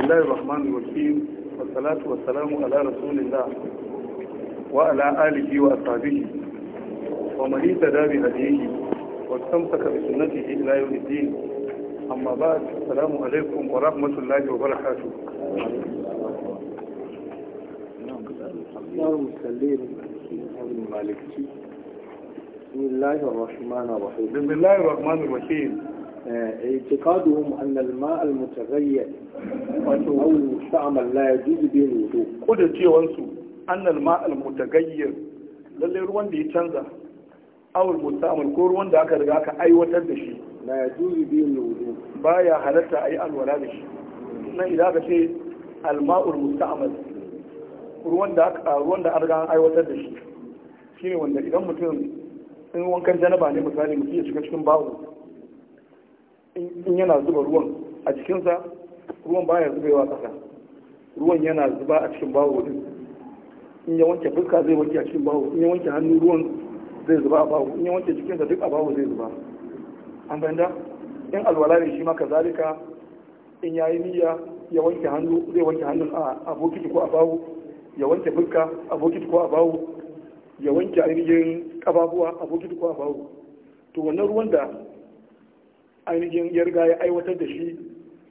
بسم الله الرحمن الرحيم والصلاة والسلام على رسول الله وعلى آله وأصحابه ومن اهتدى بهديه واستمسك بسنته إلى يوم الدين أما بعد السلام عليكم ورحمة الله وبركاته اللهم بسم الله الرحمن الرحيم بسم الله الرحمن الرحيم اعتقادهم أن الماء المتغير أو مستعمل لا يجوز به الوضوء قد تيوانسو أن الماء المتغير للي روان دي تنزا أو المستعمل كو روان دا أكا رغاك أي وطن دشي لا يجوز به الوضوء بايا حالتا أي الولا دشي na idan ka ce alma'ul musta'amal ruwan da aka ruwan da an riga an aiwatar da shi shine wanda idan mutum in wankan janaba ne misali mutum ya shiga cikin bawo in yana zuba ruwan a cikinsa ruwan baya zubewa kasa ruwan yana zuba a cikin bawo din in ya wanke fuska zai wanke a cikin bawo in ya wanke hannu ruwan zai zuba a bawo in ya wanke cikinsa duk a bawo zai zuba an fahimta in alwala ne shi maka zalika in yayi niyya ya wanke hannu zai wanke hannun a abokiti ko a bawo ya wanke fuska abokiti ko a bawo ya wanke ainihin kababuwa abokiti ko a bawo to wannan ruwan da ainihin yarga riga ya aiwatar da shi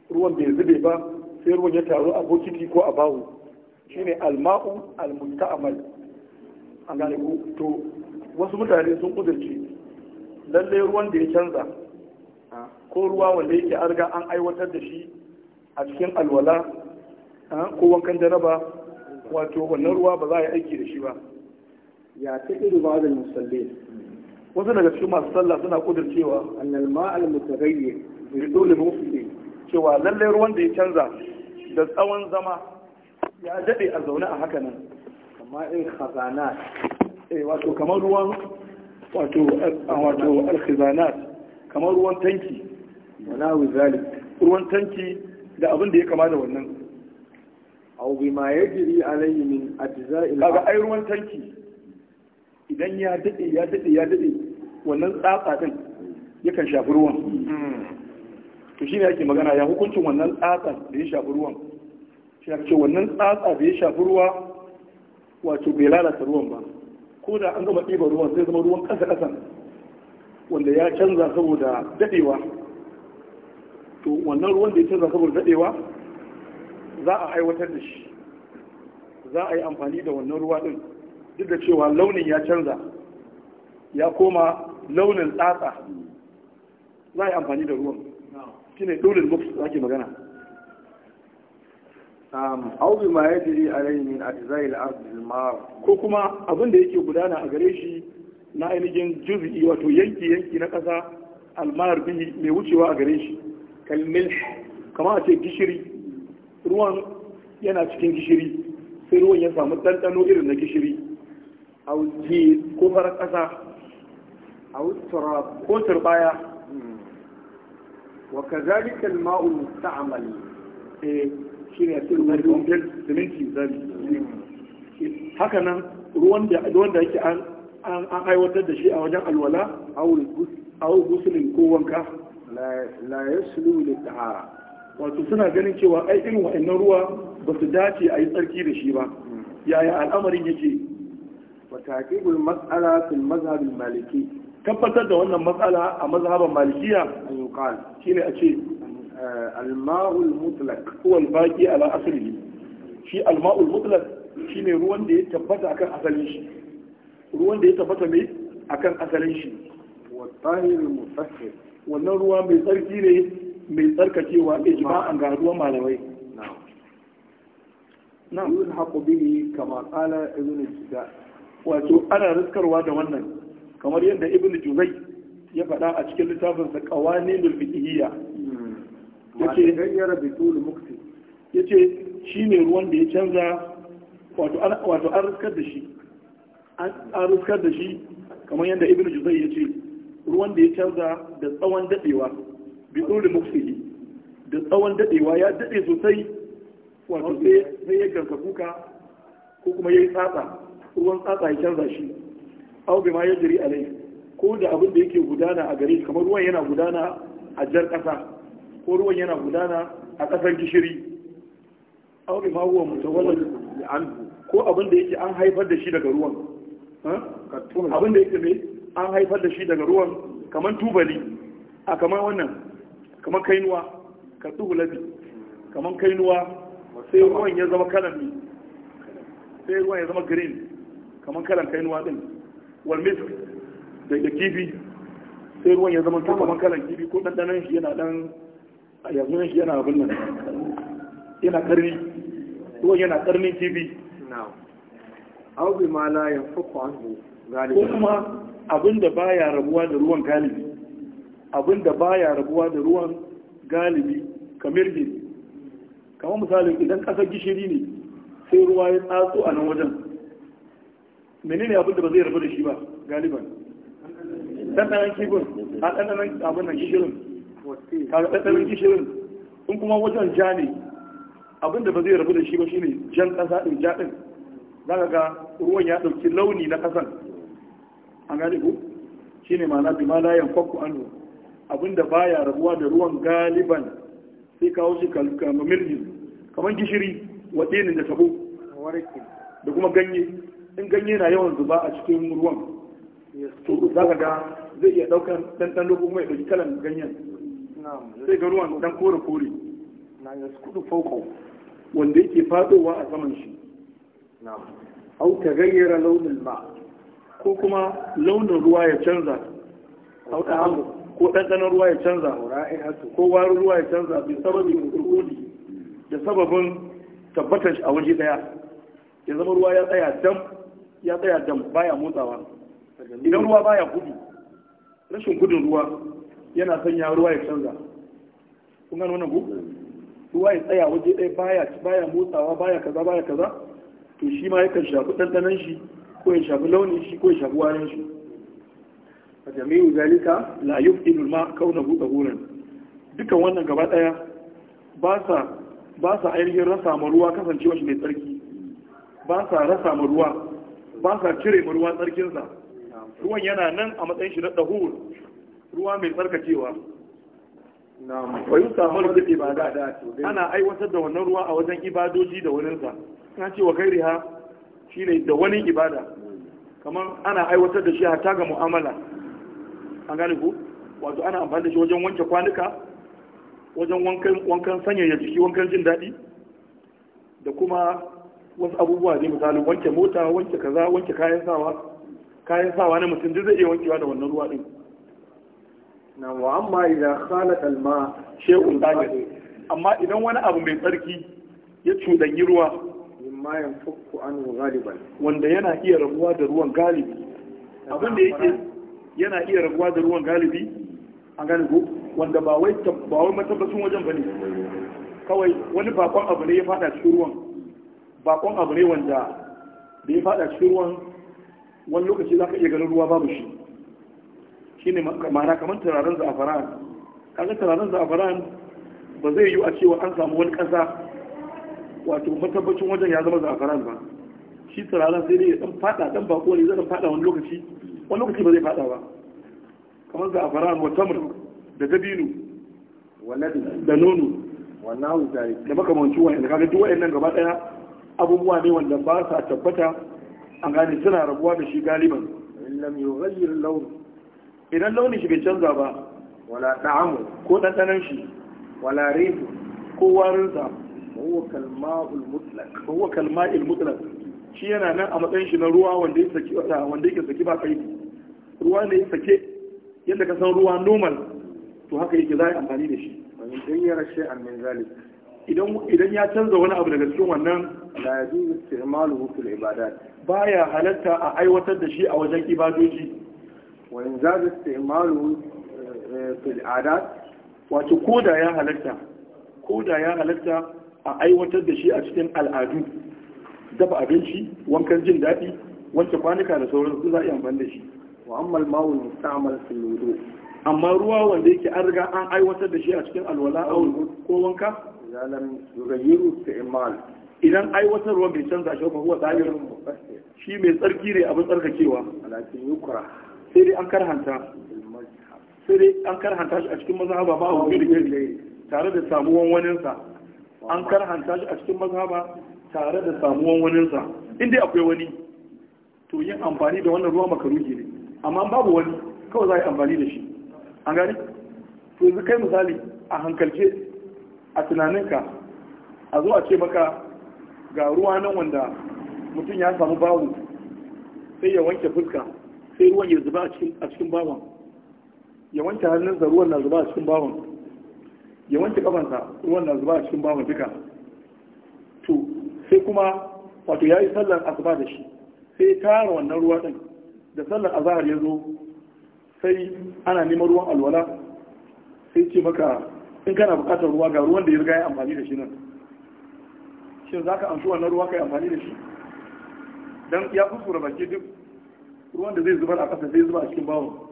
ruwan bai zube ba sai ruwan ya taru a bokiti ko a Shi shine alma'u almusta'mal an gane ku to wasu mutane sun kudurce lallai ruwan da ya canza ko ruwa wanda yake an riga an aiwatar da shi a cikin alwala ko wankan jaraba wato wannan ruwa ba za a yi aiki da shi ba ya ta irin ba da musallin wasu daga cikin masu sallah suna cewa annal ma'al mutaghayyir bi dole mufti cewa lalle ruwan da ya canza da tsawon zama ya dade a zaune a haka nan amma in khazanat eh wato kamar ruwan wato eh, wato al-khazanat kamar ruwan tanki wala wizalik ruwan tanki da abin da ya kama da wannan aw ma yajri alayhi min ajza'il kaga ai ruwan tanki idan ya dade ya dade ya dade wannan tsatsa din yakan shafi ruwan to shine ake magana ya hukuncin wannan tsatsa da ya shafi ruwan shi ake wannan tsatsa da ya shafi ruwa wato bai lalata ruwan ba ko da an gama ɗiba ruwan sai zama ruwan ƙasa ƙasa wanda ya canza saboda daɗewa to wannan ruwan da ya canza saboda daɗewa za a aiwatar da shi za a yi amfani da wannan ruwa ɗin duk da cewa launin ya canza ya koma launin tsatsa za a yi amfani da ruwan shi ne ɗolin mafi da ake magana aubi ma ya jiri a rai a zai ko kuma abin da yake gudana a gare shi na ainihin juzi wato yanki yanki na ƙasa almar bihi mai wucewa a gare shi kalmil kama a ce gishiri ruwan yana cikin gishiri sai ruwan ya samu ɗanɗano irin na gishiri a ko farar ƙasa ko turbaya wa kazalika al-ma'u musta'mal eh shine siminti zabi hmm. haka nan ruwan da ruwan da yake an an aiwatar da shi a wajen alwala awul gusulin ko wanka la yaslu li tahara wato suna ganin cewa ai irin wa'annan ruwa ba su dace a yi tsarki da shi ba hmm. yaya al'amarin yake wa taqibul mas'ala fil mazhabil maliki tabbatar da wannan matsala a mazhaban malikiya shine a ce alma'ul mutlaq huwa al-baqi ala aslihi shi alma'ul mutlaq shine ruwan da ya tabbata akan asalin shi ruwan da ya tabbata me akan asalin shi wa tahir mutahhir wannan ruwa mai tsarki ne mai tsarkakewa ijma'an ga ruwan malamai na'am yulhaqu bihi kama qala ibn sida wato ana riskarwa da wannan kamar yadda ibn juzai ya faɗa a cikin littafin sa qawanilul fiqhiyya yace gayyara bitul mukti yace shine ruwan da ya canza wato an wato an riskar da shi an riskar da shi kamar yadda ibn ya yace ruwan da ya canza da tsawon dadewa bitul mukti da tsawon dadewa ya dade sosai wato sai ya garka kuka ko kuma yayi tsatsa ruwan tsatsa ya canza shi aw bima yajri alayhi ko da abin da yake gudana a gare shi kamar ruwan yana gudana a jar kasa ko ruwan yana gudana a kasar gishiri aw ma huwa mutawallad anhu ko abin da yake an haifar da shi daga ruwan abin da yake ne an haifar da shi daga ruwan kamar tubali a kamar wannan kamar kainuwa ka labi kamar kainuwa sai ruwan ya zama kalan sai ruwan ya zama green kamar kalan kainuwa din wal da kifi sai ruwan ya zama kamar kalan kifi ko ɗanɗanon shi yana ɗan a yanzu shi yana abin nan yana ƙarni ruwan yana ƙarnin kifi au bi ma la yanfaku anhu galibi ko kuma abin da baya rabuwa da ruwan galibi abin da baya rabuwa da ruwan galibi kamar gini kamar misalin idan ƙasar gishiri ne sai ruwa ya tsatso a nan wajen menene abin da ba zai rabu da shi ba galiban ɗanɗanan kifin a ɗanɗanan abin nan gishirin kaga ɗanɗanan gishirin in kuma wajen ja ne abin da ba zai rabu da shi ba shine jan ƙasa ɗin ja ɗin za ka ga ruwan ya ɗauki launi na ƙasan an gane ku shine ma'ana bi ma la yanfaku anhu abin da baya rabuwa da ruwan galiban sai kawo shi kamar mirgin kamar gishiri waɗenin da tabo da kuma ganye in ganye na yawan zuba a cikin ruwan to za ka ga zai iya ɗaukar ɗanɗan lokacin mai ɗauki kalan ganyen sai ga ruwan ɗan kore kore na ya kudu fauko wanda yake fadowa a saman shi au ta gayyara launin ma ko kuma launin ruwa ya canza au ta ko ɗanɗanon ruwa ya canza ko warin ruwa ya canza bi sababin kurkuri da sababin tabbatar a waje ɗaya ya zama ruwa ya tsaya dam ya tsaya dam baya motsawa idan ruwa baya gudu rashin gudun ruwa yana sanya ruwa ya canza kun gano wannan ku ruwa ya tsaya waje ɗaya baya baya motsawa baya kaza baya kaza to shi ma yakan shafi ɗanɗanon shi ko ya shafi launin shi ko ya shafi warin shi a jami'u zalika la yuftilu ma kaunahu tahuran dukan wannan gaba ɗaya ba sa ba sa ainihin rasa ma ruwa kasancewa shi mai tsarki ba sa rasa ma ruwa ba sa cire ma ruwan tsarkinsa ruwan yana nan a matsayin shi na ɗahur ruwa mai tsarkakewa wayu ba da ibada ana aiwatar da wannan ruwa a wajen ibadoji da wurinsa. na ce wa kai ha shi ne da wani ibada kamar ana aiwatar da shi a ga mu'amala an gane ku wato ana amfani da shi wajen wanke kwanuka wajen wankan sanyaya jiki wankan jin daɗi da kuma wasu abubuwa ne misali wanke mota wanke kaza wanke kayan sawa kayan sawa na mutum duk zai iya wankewa da wannan ruwa din na wa amma idan khalat alma shay'un dajir amma idan wani abu mai tsarki ya cudanyi ruwa mimma yanfuku anhu ghaliban wanda yana iya rabuwa da ruwan galibi abin da yake yana iya rabuwa da ruwan galibi an gane ko wanda ba wai ba wai matabbacin wajen bane kawai wani bakon abu ne ya fada cikin ruwan bakon abu ne wanda da ya fada cikin ruwan wani lokaci za ka iya ganin ruwa babu shi shi ne ma'ana kamar turaren za'afaran kaga turaren za'afaran ba zai yiwu a cewa an samu wani ƙasa wato matabbacin wajen ya zama za'afaran ba shi turaren sai dai ya dan fada dan bako ne zai dan fada wani lokaci wani lokaci ba zai fada ba kamar za'afaran wa tamr da dabino da nono da wa'in da kaga duk nan gaba daya abubuwa ne wanda ba sa tabbata a gane suna rabuwa da shi galiban lam yughayyir lawn idan launin shi bai canza ba wala ta'amu ko dandanan shi wala rihu ko warin huwa kalma'ul mutlaq huwa kalma'il mutlaq shi yana nan a matsayin shi na ruwa wanda yake saki wanda yake saki ba kai ruwa ne sake yadda ka san ruwa normal to haka yake za a amfani da shi shay'an min idan ya canza wani abu daga cikin wannan la yajuzu istimaluhu fil ibadat baya halatta a aiwatar da shi a wajen ibadoji wa in zaza istimaluhu eh, fil adat wato koda ya halatta koda ya halatta a aiwatar da shi a cikin al'adu dafa abinci wankan jin daɗi wanke kwanuka da sauran su za a yi amfani da shi wa ammal ma'ul mustamal fil wudu amma ruwa wanda yake an riga an aiwatar da shi a cikin alwala ko wanka idan aiwatarwa bai canza shi ba huwa zahir shi mai tsarki ne abin tsarkakewa sai dai an karhanta sai dai an karhanta shi a cikin mazhaba ba a yake tare da samuwan sa an karhanta shi a cikin mazhaba tare da samuwan sa in dai akwai wani to yin amfani da wannan ruwa makaruki ne amma babu wani kawai za a yi amfani da shi an gani to yanzu kai misali a hankalce a tunaninka a zo a ce maka ga ruwa nan wanda mutum ya samu bawu sai ya wanke fuska sai ruwan ya zuba a cikin bawan ya wanke hannunsa ruwan na zuba a cikin bawan ya wanke kafansa ruwan na zuba a cikin bawon duka to sai kuma wato ya yi sallar asuba da shi sai tara wannan ruwa din da sallar azahar ya zo sai ana neman ruwan alwala sai ce maka in kana bukatar ruwa ga ruwan da ya riga ya amfani da shi nan shi za ka amshi wannan ruwa ka yi amfani da shi don ya kuskura baki duk ruwan da zai zubar a kasa zai zuba a cikin bawon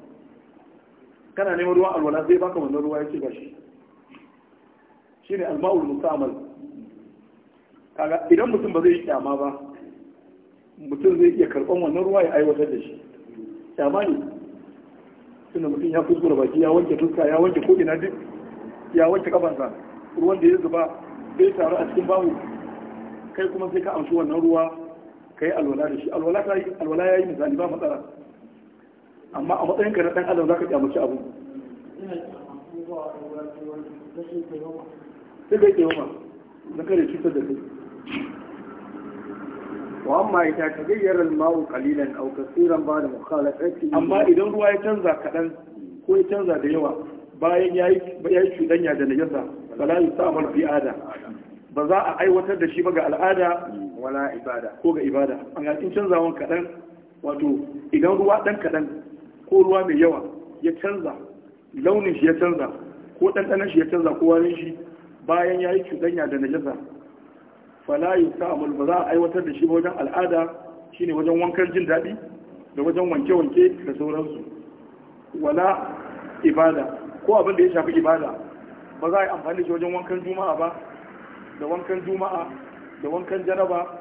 kana neman ruwan alwala zai baka wannan ruwa ya ce ba shi shi ne alma'ul musamman kaga idan mutum ba zai yi kyama ba mutum zai iya karɓan wannan ruwa ya aiwatar da shi kyama ne tunda mutum ya kuskura baki ya wanke fuska ya wanke ko'ina duk ya wanke kafansa ruwan da ya zuba bai taru a cikin bahu kai kuma sai ka amshi wannan ruwa ka yi alwala da shi alwala ya yi misali ba matsala amma a matsayin ka na dan adam za ka kyamaci abu sai kai taimama na kare cutar da kai wa amma ita ta gayyar almawu kalilan au kasiran ba da mukhalafati amma idan ruwa ya canza kaɗan ko ya canza da yawa bayan ya yi cudanya da najasa wala yi a fi ada ba za a aiwatar da shi ba ga al'ada wala ibada ko ga ibada an ga in canza wani kaɗan wato idan ruwa ɗan kaɗan ko ruwa mai yawa ya canza launin shi ya canza ko ɗanɗanan shi ya canza ko wani shi bayan ya yi cudanya da najasa fala yi sa'amar ba za a aiwatar da shi ba wajen al'ada shine wajen wankan jin daɗi da wajen wanke-wanke da sauransu wala ibada ko abin da ya shafi ibada ba za a yi amfani da shi wajen wankan juma'a ba da wankan juma'a da wankan janaba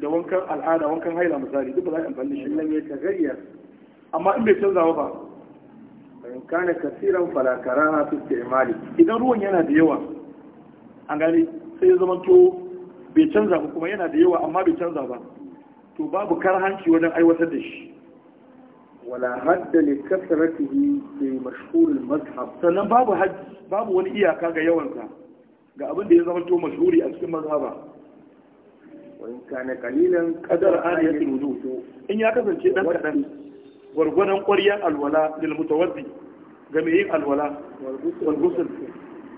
da wankan al'ada wankan haila misali duk ba za a yi amfani da shi nan ya tagayya amma in bai canza ba in kana kasiran fala karaha fi istimali idan ruwan yana da yawa an gani sai ya zama to bai canza ba kuma yana da yawa amma bai canza ba to babu karhanci wajen aiwatar da shi wala hadda li kasratihi bi mashhur al-mazhab sannan babu haddi wani iyaka ga yawansa ga abin da ya zama to mashhuri a cikin mazhaba wa in kana qalilan qadar aniyat al-wudu in ya kasance dan kadan gwargwadon ƙwaryar alwala lil mutawaddi ga mai yin alwala wal ghusl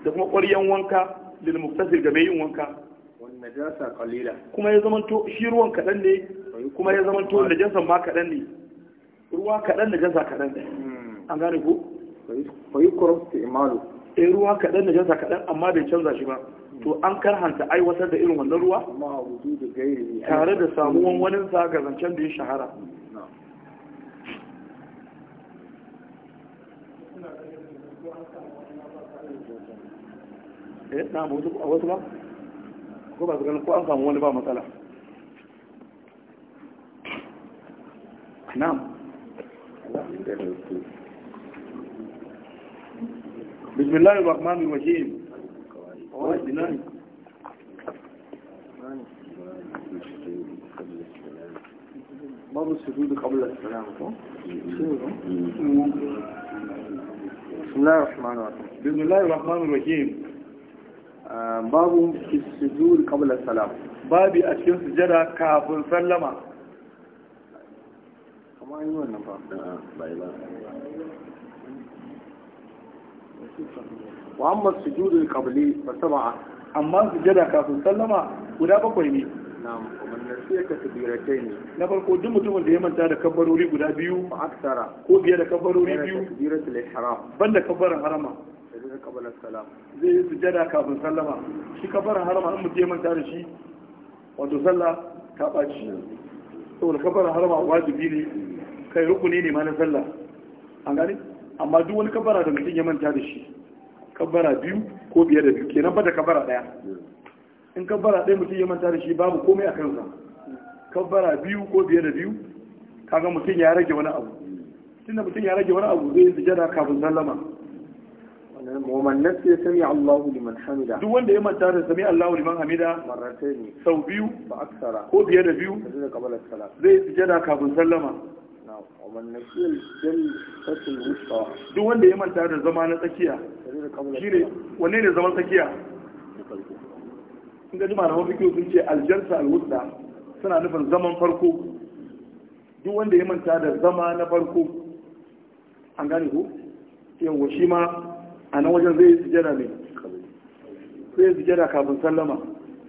da kuma ƙwaryar wanka lil muktasir ga mai yin wanka najasa qalila kuma ya zamanto shi ruwan kadan ne kuma ya zama zamanto najasan ma kadan ne ruwa kaɗan da jansa kaɗan hmm. an gane ko fa yi kuros ta imalu eh ruwa kaɗan da jansa kaɗan amma bai canza shi ba hmm. to an karhanta aiwatar da irin wannan ruwa tare da samuwan wani sa zancen da ya shahara na eh, wasu ba ko ba su ganin ko an samu wani ba matsala na'am بسم الله الرحمن الرحيم باب السجود قبل السلام بسم الله الرحمن الرحيم بسم الله الرحمن الرحيم باب السجود قبل السلام باب السجود سجدة كافر سلمة amma yi wannan ba bai ba wa amma sujudul qabli fa sab'a amma sujada kafin sallama guda bakwai ne na'am kamar sai ka kai ne na farko duk mutumin da ya manta da kabbarori guda biyu fa aksara ko biya da kabbarori biyu tabiratul ihram banda kabbaran harama da zai yi sujada kafin sallama shi kabarin harama in mutum ya manta da shi wato sallah ta ɓaci saboda kabarin harama wajibi ne kai rukuni ne ma na sallah an gani amma duk wani kabara da mutum ya manta da shi kabara biyu ko biyar da biyu kenan ba da kabara daya in kabara ɗaya mutum ya manta da shi babu komai a kansa kabara biyu ko biyar da biyu kaga mutum ya rage wani abu tunda mutum ya rage wani abu zai yi sujada kafin sallama ومن نسي سمع الله لمن حمده duk wanda ya manta da sami Allahu حمده hamida سو sau biyu كو بيو ko biyar da biyu zai sujada kafin sallama duk wanda ya manta da zama na tsakiya shine wanne ne zaman tsakiya in ga jima da mafi sun ce aljarsa alwusta suna nufin zaman farko duk wanda ya manta da zama na farko an gane ku yawa shi ma a nan wajen zai yi sujada ne zai yi sujada kafin sallama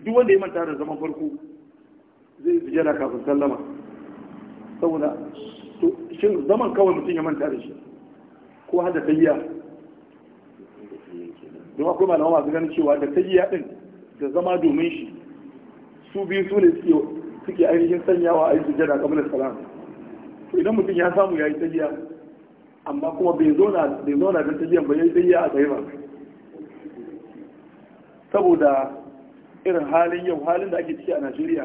duk wanda ya manta da zaman farko zai yi sujada kafin sallama saboda shin zaman kawai mutum ya manta da shi ko hada da tayyiya don akwai malama masu ganin cewa da tayyiya din da zama domin shi su biyu su ne suke ainihin sanyawa a yi sujada kamar da salam idan mutum ya samu ya yi tayyiya amma kuma bai zauna da tayyiyan ba ya yi tayyiya a tsaye ba saboda irin halin yau halin da ake ciki a najeriya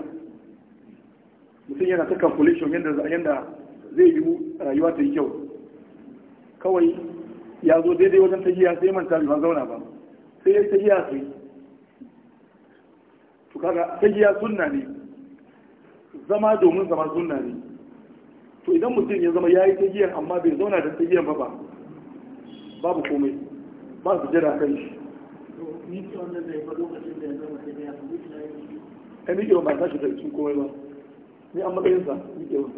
mutum yana ta calculation yadda zai yi rayuwa ta yi kyau kawai ya zo daidai wajen ta tahiya sai manta bai zauna ba sai ya yi tahiya sai to kaga tahiya sunna ne zama domin zama sunna ne to idan mutum ya zama ya yi tahiyan amma bai zauna da ta tahiyan ba ba babu komai ba su jira kai shi ya miƙewa ba ta shi da cikin komai ba ni an matsayinsa miƙewa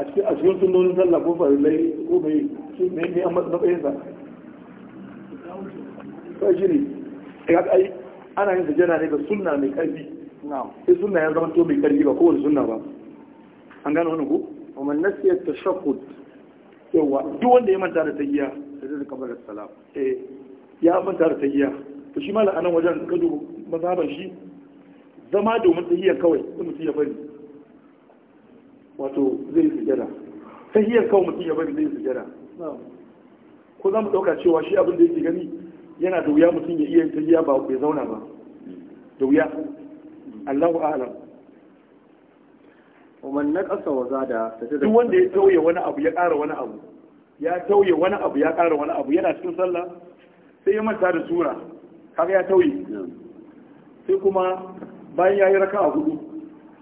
a cikin a cikin sunnonin sallah ko farillai ko mai shi ne ne an matsayin sa sai shi ne ya ai ana yin sujjada ne ga sunna mai karfi na'am sai sunna ya zama to mai karfi ba ko kowace sunna ba an gano wannan ko wa man nasiya tashaqqud yawa duk wanda ya manta da tayyiya sai da kabar salam eh ya manta da tayyiya to shi malam anan wajen ka duba mazhaban shi zama domin tahiyyar kawai sai mutum ya bari wato zai yi sujada ta hiyar kawo mutum ya bari zai yi sujada ko za mu ɗauka cewa shi abin da yake gani yana da wuya mutum ya iya ta hiya ba bai zauna ba da wuya Allahu a'lam ومن نقص وزاد duk wanda ya tauye wani abu ya ƙara wani abu ya tauye wani abu ya ƙara wani abu yana cikin sallah sai ya manta da sura kaga ya tauye sai kuma bayan ya yi raka a hudu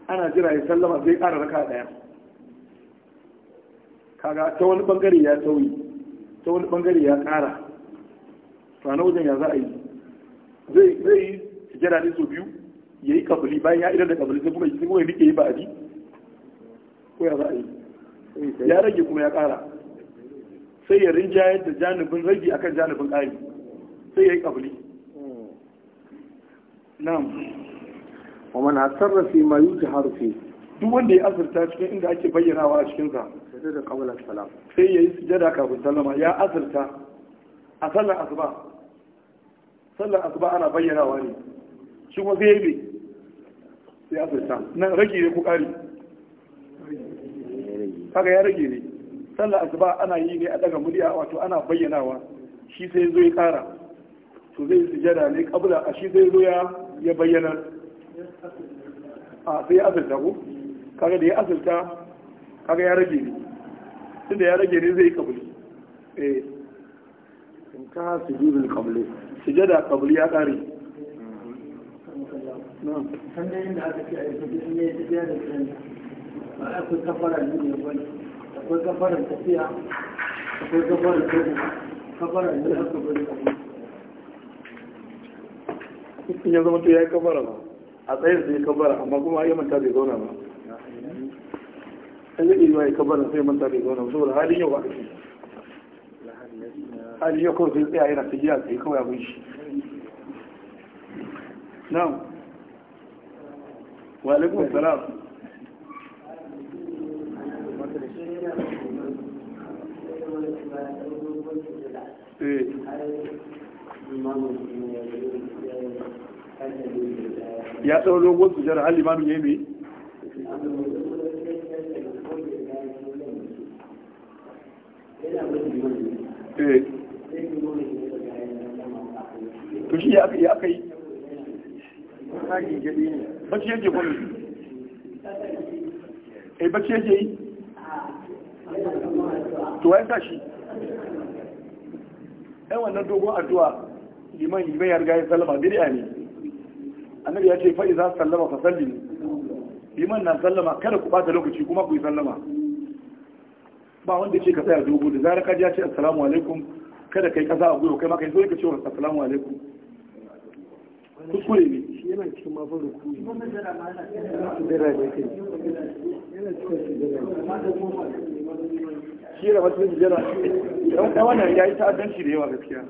ana jira ya sallama zai ƙara raka a ɗaya kaga ta wani bangare ya tauyi ta wani bangare ya ƙara to na wajen ya za a yi zai zai yi sujada ne so biyu ya yi kabuli bayan ya idar da kabuli sai kuma sai kuma ya rike yi ba'adi ko ya za a yi ya rage kuma ya ƙara sai ya rinjayar da janibin rage akan janibin ƙari sai ya yi kabuli na'am wa man asarra fi ma yujharu fi duk wanda ya azurta cikin inda ake bayyanawa a cikin sa sajada qabla salam sai yayi sujada kafin sallama ya azurta a sallar asuba sallar asuba ana bayyanawa ne shi kuma sai yayi sai azurta nan rage ne ko kari kaga ya rage ne sallar asuba ana yi ne a daga murya wato ana bayyanawa shi sai zo ya kara to zai sujada ne kabula a shi zai zo ya bayyana a sai ya azurta ko kaga da ya azurta kaga ya rage ne tunda ya rage ne zai kabuli eh in ka sujudul qabli sujada qabli ya kare da aka a yi tafiya da ba a kafara ne ne wani akwai tafiya akwai tafiya kafara ne in ya zama to ya yi kafara ba a tsayin sai kafara amma kuma ya manta bai zauna ba هذه ما يكبر في منطقة يكون وصول هذه هو هذه يكون في القيعة هنا في جهاز يكون يا بيش نعم وعليكم السلام إيه. يا تقولوا قلت جرح الإمام يمي eh to shi ya aka yi aka ya bacci yake kuma eh bacci yake yi to ya tashi ɗan wannan dogon addu'a liman liman ya riga ya sallama bid'a ne annabi ya ce fa iza sallama fa sallimu liman na sallama kada ku bata lokaci kuma ku yi sallama ba wanda ce ka tsaya dogo da zarar ka ya ce assalamu alaikum kada kai kasa a gudu kai ma kai zo ka ce wa assalamu alaikum kuskure ne yana cikin mafi rukuni sujjara kai yana cikin sujjara shi da wasu sujjara ɗan wannan ya yi ta'addanci da yawa gaskiya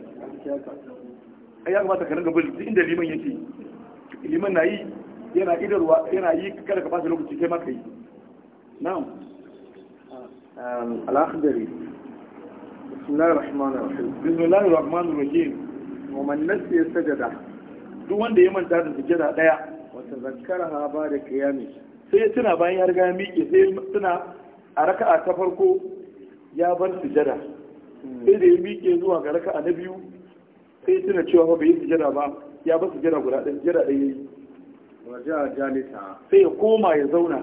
ai ya kamata ka ringa bin duk inda liman yake liman na yi yana idarwa yana yi kada ka fasa lokaci kai ma yi na'am الأخضري بسم الله الرحمن الرحيم بسم الله الرحمن الرحيم ومن نسي duk wanda ya manta da sujada daya wata zakkaraha ba da kiyami sai ya tuna bayan ya riga ya miƙe sai ya tuna a raka'a ta farko ya bar sujada sai ya miƙe zuwa ga raka'a na biyu sai ya tuna cewa bai yi sujada ba ya bar sujada guda ɗaya sujada ɗaya yi sai ya koma ya zauna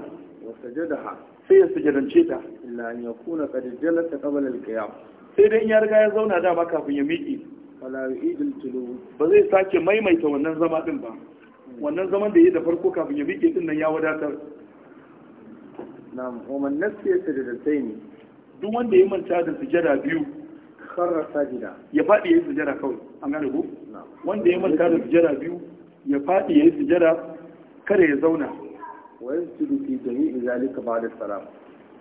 wata jadaha sai ya sujadance ta illa an yakuna qad jalasa qabla al-qiyam sai dai in ya riga ya zauna maka kafin ya miƙe wala yu'idul tulu ba zai sake maimaita wannan zama din ba wannan zaman da yi da farko kafin ya miƙe din nan ya wadatar na'am wa man nasiya sajadatayn duk wanda ya manta da sujada biyu kharra sajida ya fadi ya sujada kawai an gane ko wanda ya manta da sujada biyu ya fadi ya sujada kada ya zauna wa yasjudu fi jami'i zalika ba'da salam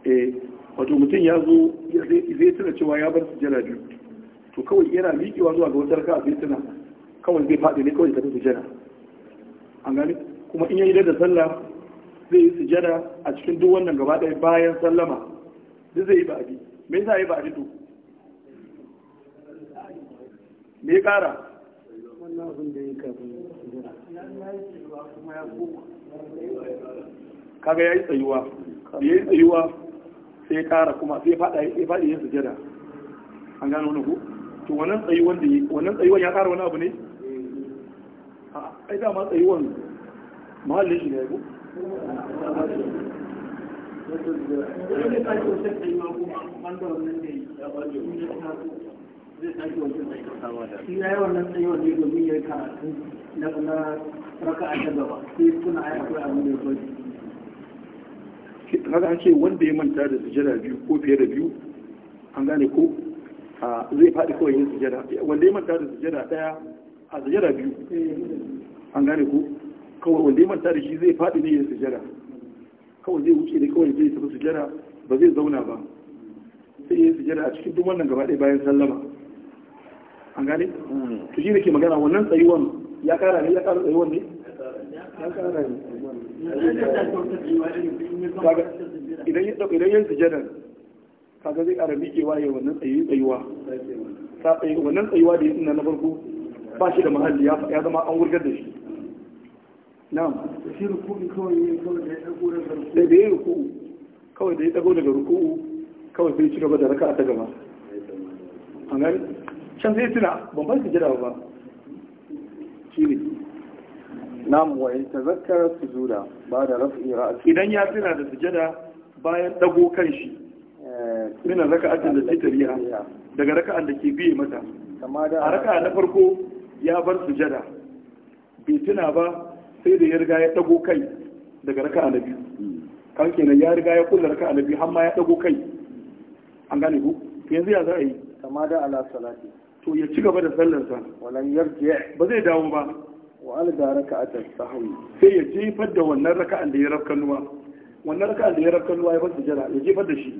eh wato mutum ya zo zai tuna cewa ya bar sujjana biyu to kawai yana miƙewa zuwa ga wata raka'a zai tuna kawai zai faɗi ne kawai tafi sujjada an gani kuma in yayi da sallah zai yi sujjana a cikin duk wannan gaba ɗaya bayan sallama duk zai yi ba'adi me yasa yi ba'adi to me ya ƙara wannan abin da ya kafin ya kuma ya koma kaga yayi tsayuwa yayi tsayuwa sai kara kuma sai fada ya fadi yin sujada an gano wannan ku to wannan tsayuwan da wannan tsayuwan ya kara wani abu ne a ai da ma tsayuwan mahallin shi ne ku ya yi wannan tsayuwar ne domin ya yi karatu na raka'a ta gaba sai suna ayyukan abin da ya kaga an ce wanda ya manta da sujada biyu ko fiye da biyu an gane ko zai faɗi kawai yin sujada wanda ya manta da sujada ɗaya a sujada biyu an gane ko kawai wanda ya manta da shi zai faɗi ne yin sujada kawai zai wuce ne kawai zai tafi sujada ba zai zauna ba sai yin sujada a cikin duk wannan gaba ɗaya bayan sallama an gane to shi ne ke magana wannan tsayuwan ya ƙara ne ya ƙara tsayuwan ne ya ne idan yin sujadar kaga zai ara miƙewa ya wannan tsayuwa eh, wannan tsayuwa da suna na farko ba shi da mahalli ya zama an wurgar da shi Na shi ruku'u kawai ne kawai da ya dago daga ruku'u da ya ruku'u kawai da ya dago daga ruku'u kawai sai ci gaba da raka a ta gaba an gani can zai tuna ban ban sujada ba shi ne nam wa in tazakkara sujuda ba da raf'i ra'si idan ya tuna da sujada bayan dago kan shi mina eh, raka'atin da take daga raka'an da ke biye mata a raka'a na farko ya bar sujada bai tuna ba sai da ya riga ya dago kai daga raka'a na biyu hmm. kan kenan ya riga ya kula raka'a na biyu har ma ya dago kai an gane ku yanzu ya za a yi kama da ala salati to ya ci gaba da sallarsa walan yarji ba zai dawo ba wa'al da raka'atar sahawi sai ya jefar da wannan raka da ya rafkan nuwa wannan raka da ya rafkan nuwa ya fasa jira ya jefar da shi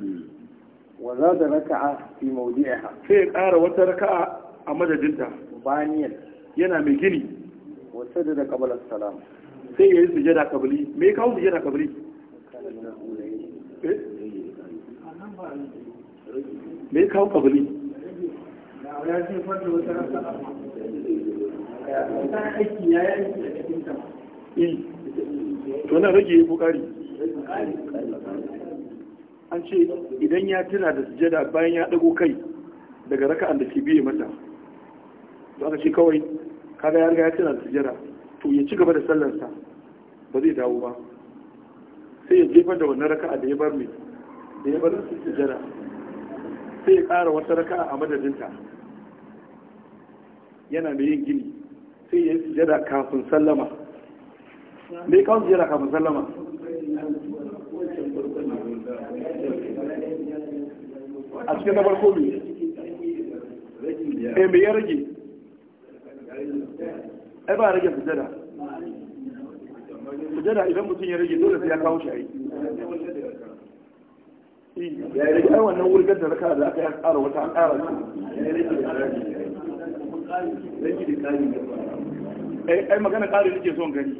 wa za da raka'a fi mawdi'iha sai ya ƙara wata raka a madadinta baniyan yana mai gini da sajada qabla salam sai ya yi sujada kabili me ya kawo sujada kabili eh? me ya kawo kabili to na rage ko an ce idan ya tuna da sujada bayan ya dago kai daga raka'an da ke biye mata to aka ce kawai kaga ya riga ya tuna da sujada to ya ci gaba da sallarsa ba zai dawo ba sai ya jefar da wannan raka'a da ya bar mai da ya bar sujada sai ya kara wata raka'a a madadinta yana mai yin gini sai ya kafin sallama me kawo kafin sallama a cikin eh, me ya rage ba rage idan mutum ya rage dole sai ya kawo shi ya rage wannan wurgar da raka da aka wata an Eh, ai magana ƙari nake son gani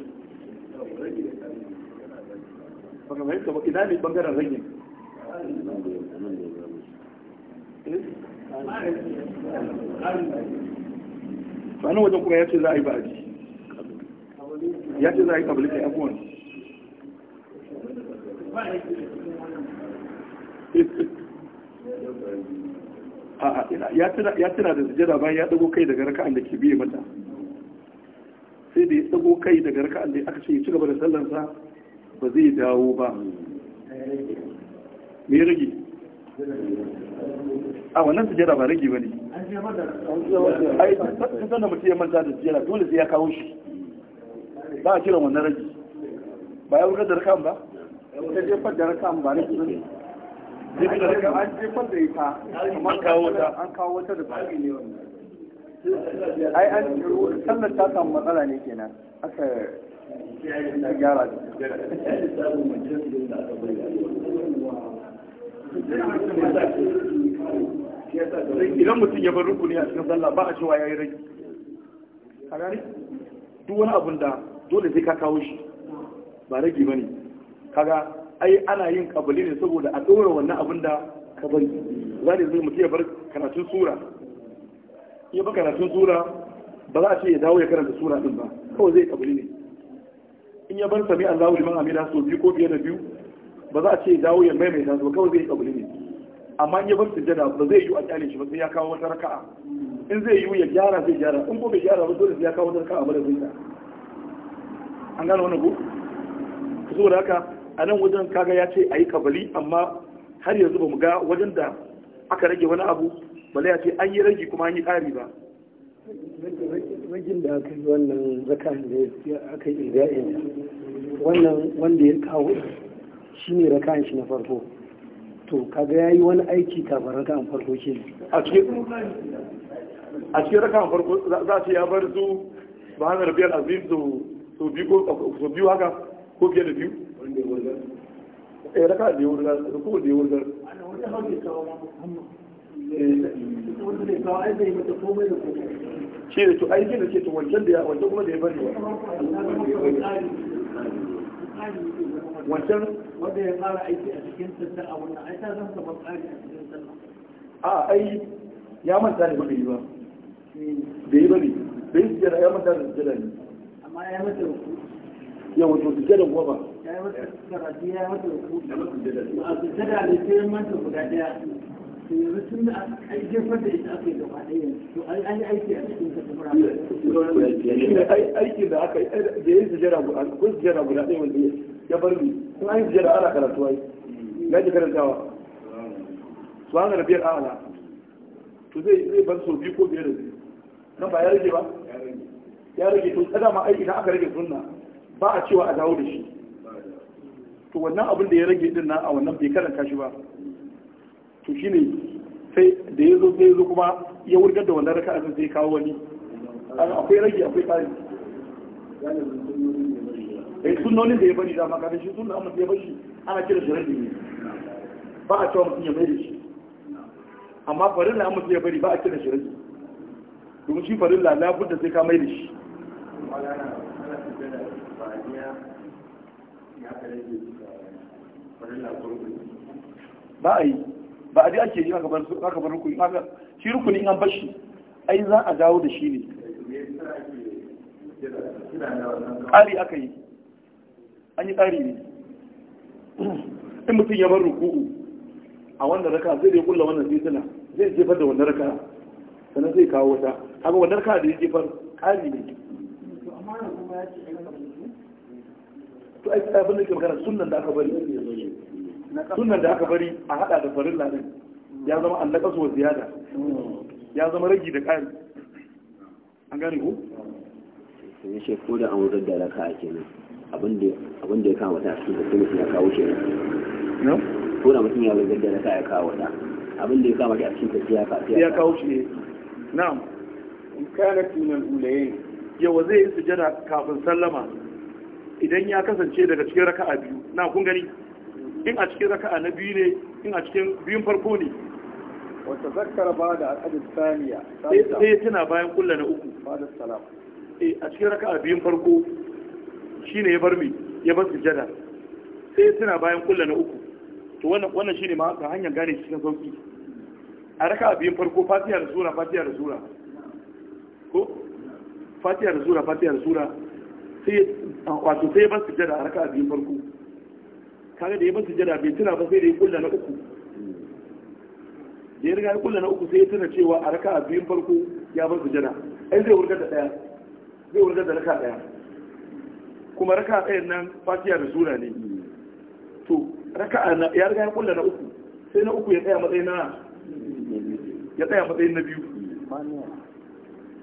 baka fahimta ba ina ne bangaren rage sanin eh? wajen kuma ya ce za a yi ba'aji ya ce za a yi kabilita ya kuwa ya tuna da sujada bayan ya dago kai daga raka'an da ke biye mata sai da ya tsago kai daga raka da aka ce ci gaba da sallarsa ba zai dawo ba me rage a wannan sujada ba rage ba ne A yi ta sanda mutum ya manta da sujada dole sai ya kawo shi ba a kiran wannan rage ba ya wurgar da raka'an ba ta jefar da raka'an ba rage ne an jefar da ita an kawo wata da ba ne wannan ai an sallar ta samu matsala ne kenan aka gyara idan mutum ya bar rukuni a cikin sallah ba a cewa ya yi rai a gani duk wani abin da dole sai ka kawo shi ba rage ba ne kaga ai ana yin kabali ne saboda a ɗora wannan abin da ka bari za ne zai mutum ya bar karatun sura ya ba karatun sura ba za a ce ya dawo ya karanta sura din ba kawai zai kabuli ne in ya bar sami Allahu liman amina so biyu ko biyar da biyu ba za a ce ya dawo ya maimaita su ba kawai zai kabuli ne amma in ya bar sujjada ba zai yi a kyale shi ba sai ya kawo wata raka'a in zai yi ya gyara zai gyara in ko bai gyara ba dole sai ya kawo wata raka'a ba da zai an gane wannan ko saboda haka a nan wajen kaga ya ce a yi kabali amma har yanzu ba mu ga wajen da aka rage wani abu bale ya ce an yi ragi kuma an yi ƙari ba wajen da aka yi wannan zaka da aka yi ibra'in wannan wanda ya kawo shi ne rakan shi na farko to kaga ya yi wani aiki kafin rakan farko ke a cikin rakan farko za ce ya bar su ba hana rabiyar azim so biyu haka ko biyar da biyu eh raka da ya wurgar ko da ya wurgar shi da to da ke to wancan da ya wancan kuma da ya bari wancan wanda ya fara aiki a cikin a wannan ai ta tsari a cikin a ai ya manta da bai ba da yi bari da yi ya manta da ne amma ya mata ya wato ba ya mata karatu ya mata a ne sai guda daya yanzu tun da aka da ita aka to an yi aiki a cikin ta aiki da aka yi da yin sujjara guda kun sujjara guda ɗaya wanda ya bar ni kuma an yi sujjara ana karatu ai ya ji karantawa su hanga biyar ala to zai zai bar sau biyu ko biyar da biyu nan ba ya rage ba ya rage to tsada ma aiki idan aka rage sunna ba a cewa a dawo da shi to wannan abin da ya rage din nan a wannan bai karanta shi ba to ne sai da ya zo sai zo kuma ya wurgar da wannan a sai ya kawo wani akwai rage akwai tsari eh sunnonin da ya bari da maka shi sunna amma ya bari ana kira shi rage ne ba a cewa mutum ya mai da shi amma farilla amma ya bari ba a kira shi rage domin shi farilla la budda sai ka mai da shi ba a yi ba a ji ake yi haka bar rukuni ba shi rukuni in an bar shi ai za a dawo da shi ne tsari aka yi an yi tsari ne in mutum ya bar ruku'u a wannan raka zai zai kulla wannan titina zai jefar da wannan raka sannan zai kawo wata haka wannan raka da ya jefar ƙari ne to ai tsafin da ke magana sunan da aka bari sunan da aka bari a hada da farin din ya zama an naqasu wa ziyada ya zama ragi da ƙari an gane ko sai ya ce da an wurin da raka a kenan abin da ya kawo ta cikin da mutum ya kawo kenan ko da mutum ya wurin da raka ya kawo ta abinda da ya kama ta cikin tafiya ka ya kawo shi na in na tunan ulayen yawa zai yi sujada kafin sallama idan ya kasance daga cikin raka'a biyu na kun gani in a cikin raka'a na biyu ne in a cikin biyun farko ne wata zakara ba da al'adar saniya sai ya tuna bayan kulla na uku ba da salam eh, a cikin raka'a biyun farko shine ya bar mi ya bar sujada sai ya tuna bayan kulla na uku to wannan wannan shine ma ka hanyar gane cikin sauki a raka'a biyun farko fatiha da sura fatiha da sura ko fatiha da sura fatiha da sura sai wato sai ya bar sujada a raka'a biyun farko kaga da ya masu jada bai tuna ba sai da ya kulla na uku da ya riga ya kulla na uku sai ya tuna cewa a raka a biyun farko ya masu jada ai zai wurgar da ɗaya zai wurgar da raka ɗaya kuma raka daya nan fatiya da sura ne to raka ya riga ya kulla na uku sai na uku ya tsaya matsayin na ya tsaya matsayin na biyu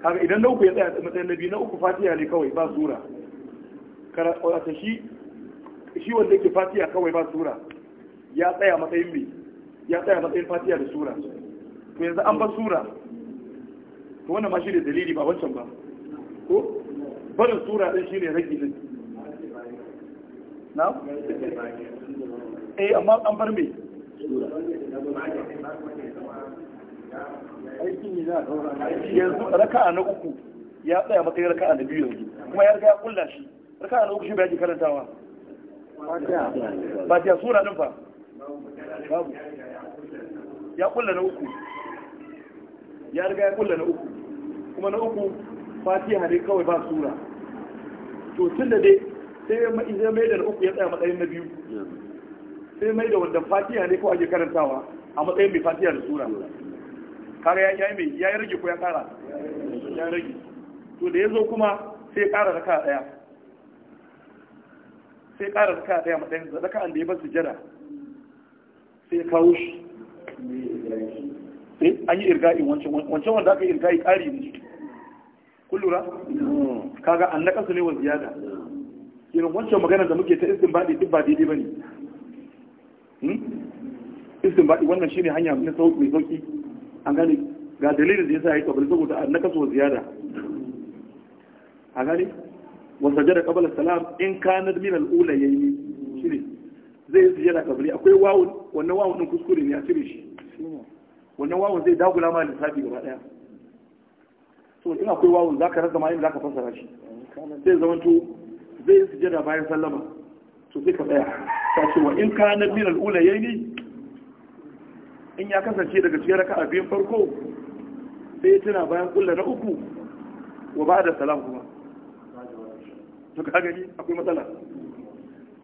kaga idan na uku ya tsaya matsayin na biyu na uku fatiya ne kawai ba sura karatu shi shi wanda yake fatiya kawai ba sura ya tsaya matsayin bi ya tsaya matsayin fatiya da sura to yanzu an ba sura to wannan ma shi ne dalili ba wancan ba ko barin sura din shi ne rage din na? eh amma an bar me yanzu raka'a na uku ya tsaya matsayin raka'a da biyu yanzu kuma ya riga ya kulla shi raka'a na uku shi bai ake karantawa fatiha sura din fa babu ya kulla na uku ya riga ya kulla na uku kuma na uku fatiha ne kawai ba sura to tun da dai sai ya mai da na uku ya tsaya matsayin na biyu sai mai da wanda fatiha ne kawai ake karantawa a matsayin mai fatiha da sura kare ya yi mai ya yi rage ko ya kara ya rage to da ya zo kuma sai ya kara raka daya sai ƙara raka ɗaya ma ɗayan raka an da ya su sujada sai ya kawo shi sai eh, an yi irga'i wancan wancan wanda aka yi irga'i ƙari ne kun lura kaga an su ne wa ziyada irin wancan maganar da muke ta baɗi duk ba daidai ba hmm? istin baɗi wannan shine hanya mai sauƙi mai sauƙi. an gane ga dalilin da ya sa ya yi kabari saboda an su wa ziyada a gane wa da qabla salam in kanar min al'ula ya yi shine zai yi sujada kabbali akwai wawun wannan wawun din kuskure ne a cire shi wannan wawun zai dagula ma lissafi gaba daya so in akwai wawun zaka rasa ma inda zaka fassara shi zai zamanto zai yi sujada bayan sallama to sai ka tsaya ta ce wa in kanar min al'ula ya yi in ya kasance daga cikin raka'a biyun farko sai tana bayan kullu na uku wa ba da salam kuma to ka gani akwai matsala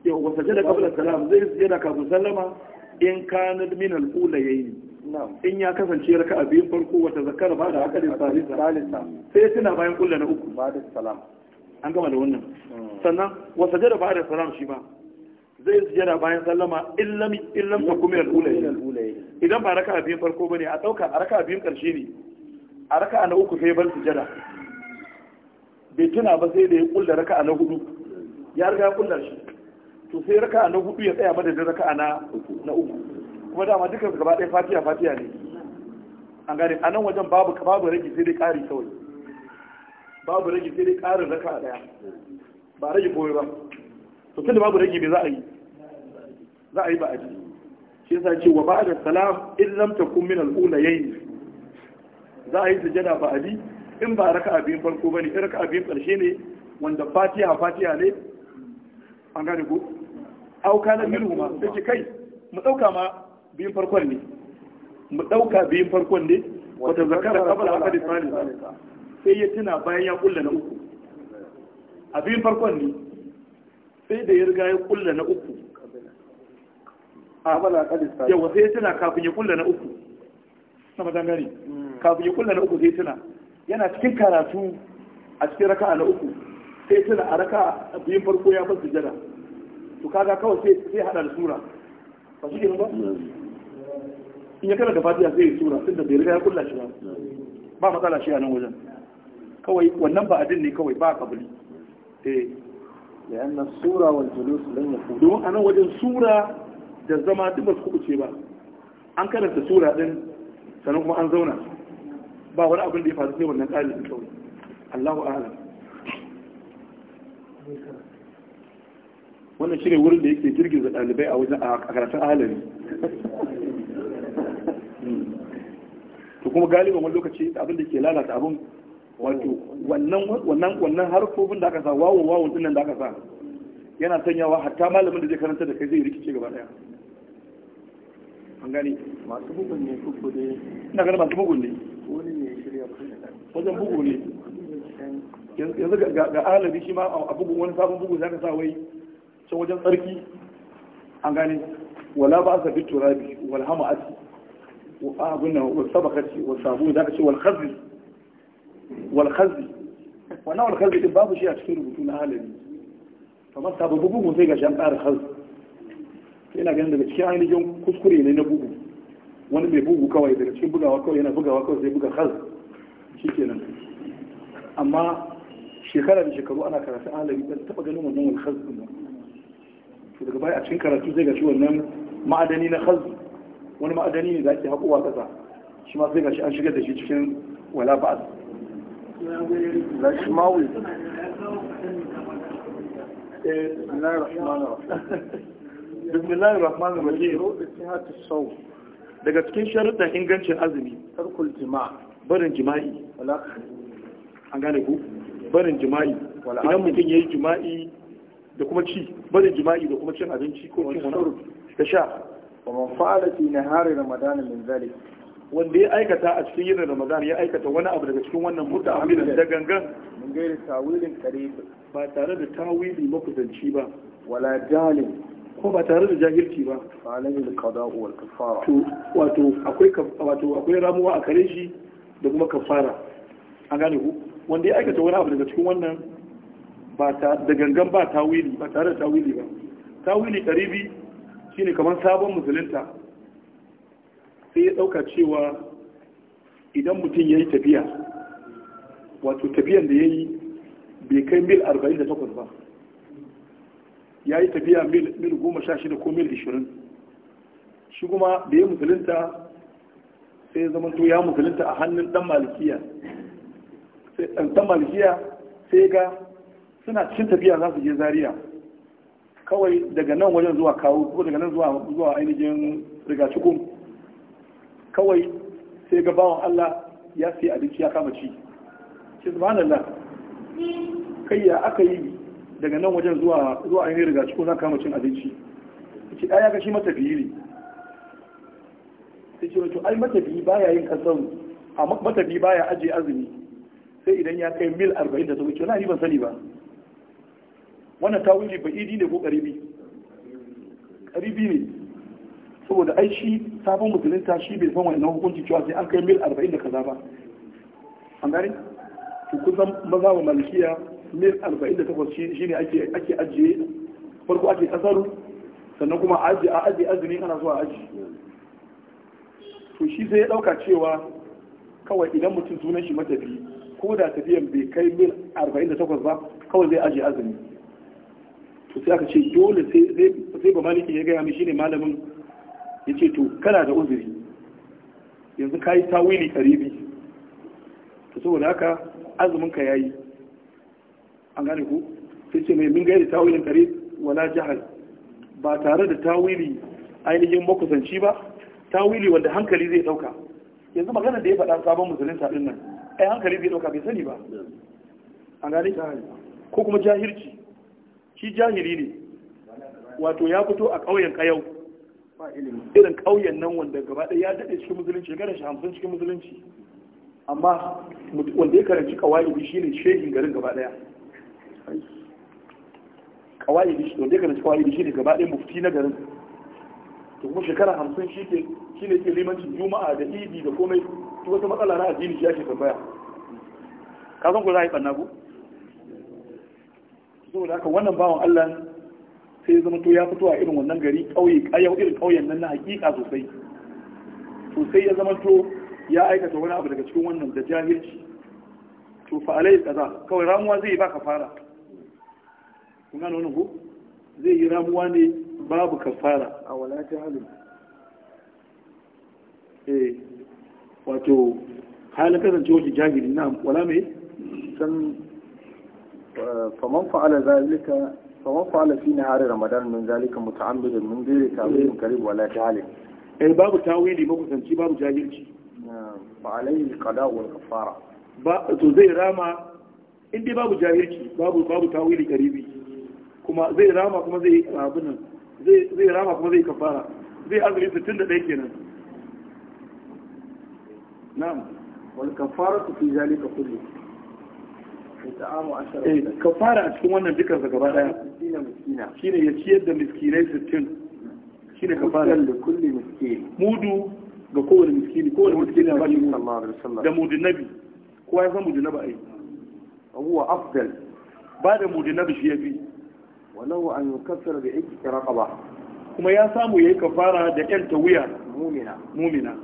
yau wata jada kabla salam zai ziyara kafin sallama in kana min al-ula yayi in ya kasance raka a biyun farko wata zakara ba da haka salisa sai ya tuna bayan kulla na uku ba da salam an gama da wannan hmm. sannan wata jada ba da salam shi ba zai sujada bayan sallama illam illam ta kuma al-ulayi idan ba raka a biyun farko bane a dauka a raka a biyun karshe ne a raka na uku sai ban sujada bai tuna ba sai da ya kulla raka na hudu ya riga ya kulla shi to sai a na hudu ya tsaya madadin raka na na uku kuma dama dukkan gaba ɗaya fatiya fatiya ne an gane a nan wajen babu babu rage sai dai ƙari kawai babu rage sai dai ƙarin a ɗaya ba rage komai ba to tunda babu rage bai za a yi za a yi ba a ji shi yasa ce wa da salam in lam takun min al-ulayayn za a yi sujada ba a ji in ba raka biyun farko ba ne in raka biyun ƙarshe ne wanda fatiha fatiha ne an gane ko au kana minhu ma ce kai mu dauka ma biyun farkon ne mu dauka biyun farkon ne wata zakara kabala akadi salis sai ya tuna bayan ya kulla na uku a biyun farkon ne sai da ya riga ya kulla na uku yawa sai ya tuna kafin ya kulla na uku na madan gani hmm. kafin ya kulla na uku sai tuna yana cikin karatu a cikin raka na uku sai tuna a raka a biyun farko ya bar sujada to kaga kawai sai sai hada da sura ba shi ba in ya kana da fatiha sai ya sura tunda bai riga ya kulla shi ba ba matsala shi a nan wajen kawai wannan ba adin ne kawai ba kabili eh لأن الصورة والجلوس لن يكون a nan wajen sura da zama duk ba su kuɓuce ba an karanta sura ɗin sannan kuma an zauna ba wani abin da ya faru sai wannan ɗalibin kawai Allahu a'lam wannan shine wurin da yake girgiza ɗalibai a wajen a karatun ahalari to kuma galiba wani lokaci abin da ke lalata abin wato wannan wannan harfofin da aka sa wawo wawo din nan da aka sa yana sanyawa hatta malamin da zai karanta da kai zai rikice gaba daya an gani masu bugun ne kuku dai ina ganin masu bugun ne wani wajen bugu ne yanzu ga alabi shi ma a bugu wani sabon bugu zaka sa wai can wajen tsarki an gane wala ba sa bitu rabi wal hama'ati wa abun nan wal sabakati wal sabu zaka ce wal khazi wal khazzi wannan wal khazi din babu shi a cikin rubutu na alabi kamar sabon bugu sai ga shan ƙara khazi yana ganin daga cikin ainihin kuskure ne na bugu wani mai bugu kawai daga cikin bugawa kawai yana bugawa kawai sai buga khazi shikenan amma shekara da shekaru ana karatu alawi ban taɓa ganin wannan wani khazin ba to daga baya a cikin karatu zai gashi wannan ma'adani na khaz wani ma'adani ne da ake haƙowa ƙasa shi ma sai gashi an shigar da shi cikin wala ba'ad lashmawi bismillahir daga cikin sharuɗan ingancin azumi tarkul jima'a barin jima'i an gane ku barin jima'i idan mutum ya yi jima'i da kuma ci barin jima'i da kuma cin abinci ko cin wani da sha wa man fa'ala fi nahari ramadan min zalik wanda ya aikata a cikin yin ramadan ya aikata wani abu daga cikin wannan mutu amina da gangan mun gaira tawilin kare ba tare da tawili makusanci ba wala jalin ko ba tare da jahilci ba wal kafara to wato akwai wato akwai ramuwa a kare shi da kuma kafara a gane ku wanda ya aikata wani abu daga cikin wannan da gangan ba tawili ba tare da tawili ba tawili karibi shine kamar sabon musulunta sai ya dauka cewa idan mutum ya yi tafiya wato tafiyan da ya yi bai kai mil 48 ba ya yi tafiya mil 16 ko mil 20 shi kuma da ya musulunta sai ya zama ya musulunta a hannun dan malikiya dan malikiya sai ga suna cikin tafiya za su je zaria kawai daga nan wajen zuwa kawo ko daga nan zuwa ainihin rigacikun kawai sai ga bawan allah ya sai abinci ya kama ci shi subhanallah kai ya aka yi daga nan wajen zuwa ainihin rigacikun za kama cin abinci ce ɗaya ga shi matafiyi ne sai ce wato ai matafiyi baya yin kasaru a matafiyi baya aje azumi sai idan ya kai mil 40 da su ce ni ban sani ba wannan tawili idi ne ko karibi karibi ne saboda ai shi sabon musulunta shi bai san na hukunci cewa sai an kai mil 40 da kaza ba an gari to kusan maza wa malikiya mil 48 shi ne ake ake ajiye farko ake kasaru sannan kuma a ajiye azumi ana so a ajiye to shi sai ya dauka cewa kawai idan mutum sunan shi matafi ko da tafiyan bai kai mil 48 ba kawai zai aje azumi to sai aka ce dole sai ba maliki ya gaya shi ne malamin ya ce to kana da uzuri yanzu ka yi tawili karibi to saboda haka azumin ka yayi an gane ku sai ce mai min da tawilin karibi wala jahal ba tare da tawili ainihin makusanci ba tawili wanda hankali zai dauka yanzu magana da ya faɗa sabon musulun din nan ai hankali zai dauka bai sani ba an gane ko kuma jahilci shi jahili ne wato ya fito a ƙauyen ƙayau irin ƙauyen nan wanda gaba ɗaya ya daɗe cikin musulunci shekara shi hamsin cikin musulunci amma wanda ya karanci kawai shi ne shehin garin gaba ɗaya ƙawa'idi wanda ya karanci ƙawa'idi shi ne gaba ɗaya mufti na garin to kuma shekara hamsin shi ke shi ne ke limancin juma'a da idi da komai to wata matsala na addini shi ake tambaya ka san ku za a yi ɓanna ku da haka wannan bawan allah sai ya zama to ya fito a irin wannan gari ƙauye yau irin ƙauyen nan na hakika sosai to sai ya zama to ya aikata wani abu daga cikin wannan da jahilci to fa alai kaza kawai ramuwa zai ba ka fara kun gane wannan ku? zai yi ramuwa ne babu kafara a wala jahalin eh wato halin kasance wasu jahili na wala mai san eh, faman fa'ala zalika faman fa'ala fi nahari ramadan min zalika muta'ammidan min ghairi ta'wilin eh. karibu wala jahalin eh babu tawili makusanci babu jahilci ba alayhi alqada wal kafara ba to zai rama in dai babu jahilci babu babu tawili karibi kuma zai rama kuma zai abin nan ذي ذي رامك وذي كفارة ذي أذري تتند ليكينا نعم والكفارة في ذلك كله كفارة أتكون أن ذكر ذكر مسكينة مسكينة شين يتيد مسكينة ستن شين كفارة لكل مسكين مودو بقوة المسكين قوة المسكين صلى الله عليه وسلم ده النبي كويس مود النبي أي هو أفضل بعد مود النبي شيء فيه ولو an يكفر bi ikki كما kuma ya samu yayi kafara da yan tawiya mu'mina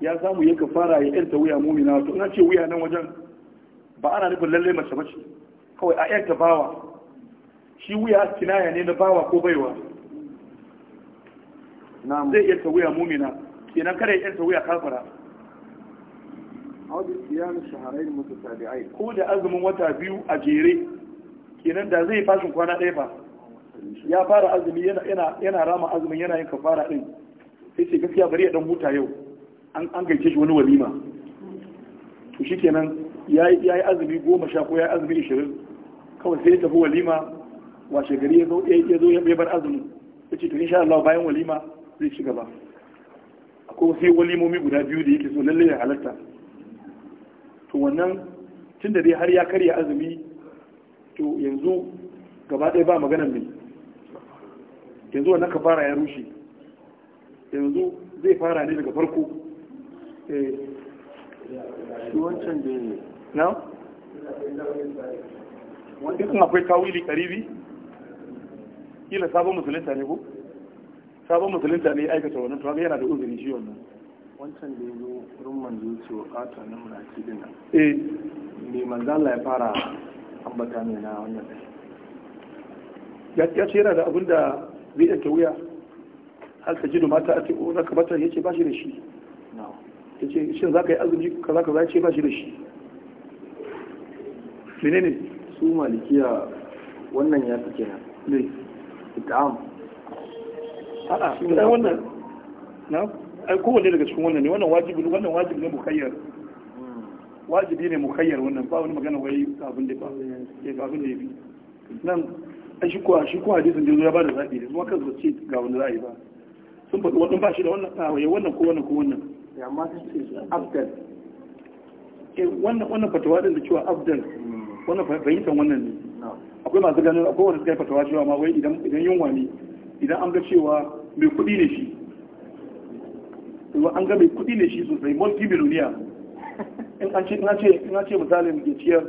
يا سامو samu yayi kafara ya yan tawiya تو ina ce wuya nan wajen ba ana mace kawai a bawa shi wuya ne na bawa ko zai yan tawiya kafara Audi shaharai mutatabi'ai ko da azumin wata biyu a jere kenan da zai fashin kwana ɗaya ba ya fara azumi yana rama azumin yana yin kafara din sai ce gaskiya bari ya dan huta yau an gaice shi wani walima to shikenan ya yi azumi goma sha ko ya yi azumi ishirin kawai sai ya tafi walima washe gari ya zo ya bar azumi ya ce to insha Allah bayan walima zai ci gaba akwai sai walimomi guda biyu da yake so lallai ya halatta to wannan tun da dai har ya karya azumi to yanzu gaba ɗaya ba maganar mai yanzu wannan fara ya rushe yanzu zai fara ne daga farko eh. shi wancan da na? wanda kuma akwai tawili karibi kila sabon musulunta ne ko sabon musulunta ne aikata wannan to yana da uzuri shi wannan wancan da yazo rumman manzo ce wa kata na mulaki dinna eh me manzo Allah ya fara ambata ne na wannan ya ce yana da abinda zai ɗanta wuya har ta jidu mata a ce o oh, zaka bata ya ce ba shi da shi ya ce shi za ka yi azumi kaza kaza ya ce ba shi da shi menene su malikiya wannan ya fi kenan ne am. a'a ai wannan na ai kowanne daga cikin wannan ne wannan wajibi wannan wajibi ne mukayyar hmm. wajibi ne mukayyar wannan ba wani magana wai abin da ba ya abin da ya eh. nan a shi kuwa shi kuwa hadisin da ya ba da zaɓi ne kuma kansu ce ga wani ra'ayi ba sun faɗi wannan ba shi da wannan tsawaye wannan ko wannan ko wannan ya ma ta ce su abdal eh, wannan wannan fatawa din da cewa abdal hmm. wannan fahimtar wannan ne akwai masu ganin akwai wani suka yi fatawa cewa ma wai idan yunwa ne idan an ga cewa mai kuɗi ne shi an ga mai kuɗi ne shi sosai multi billionaire in an ce in an ce misalin ya ciyar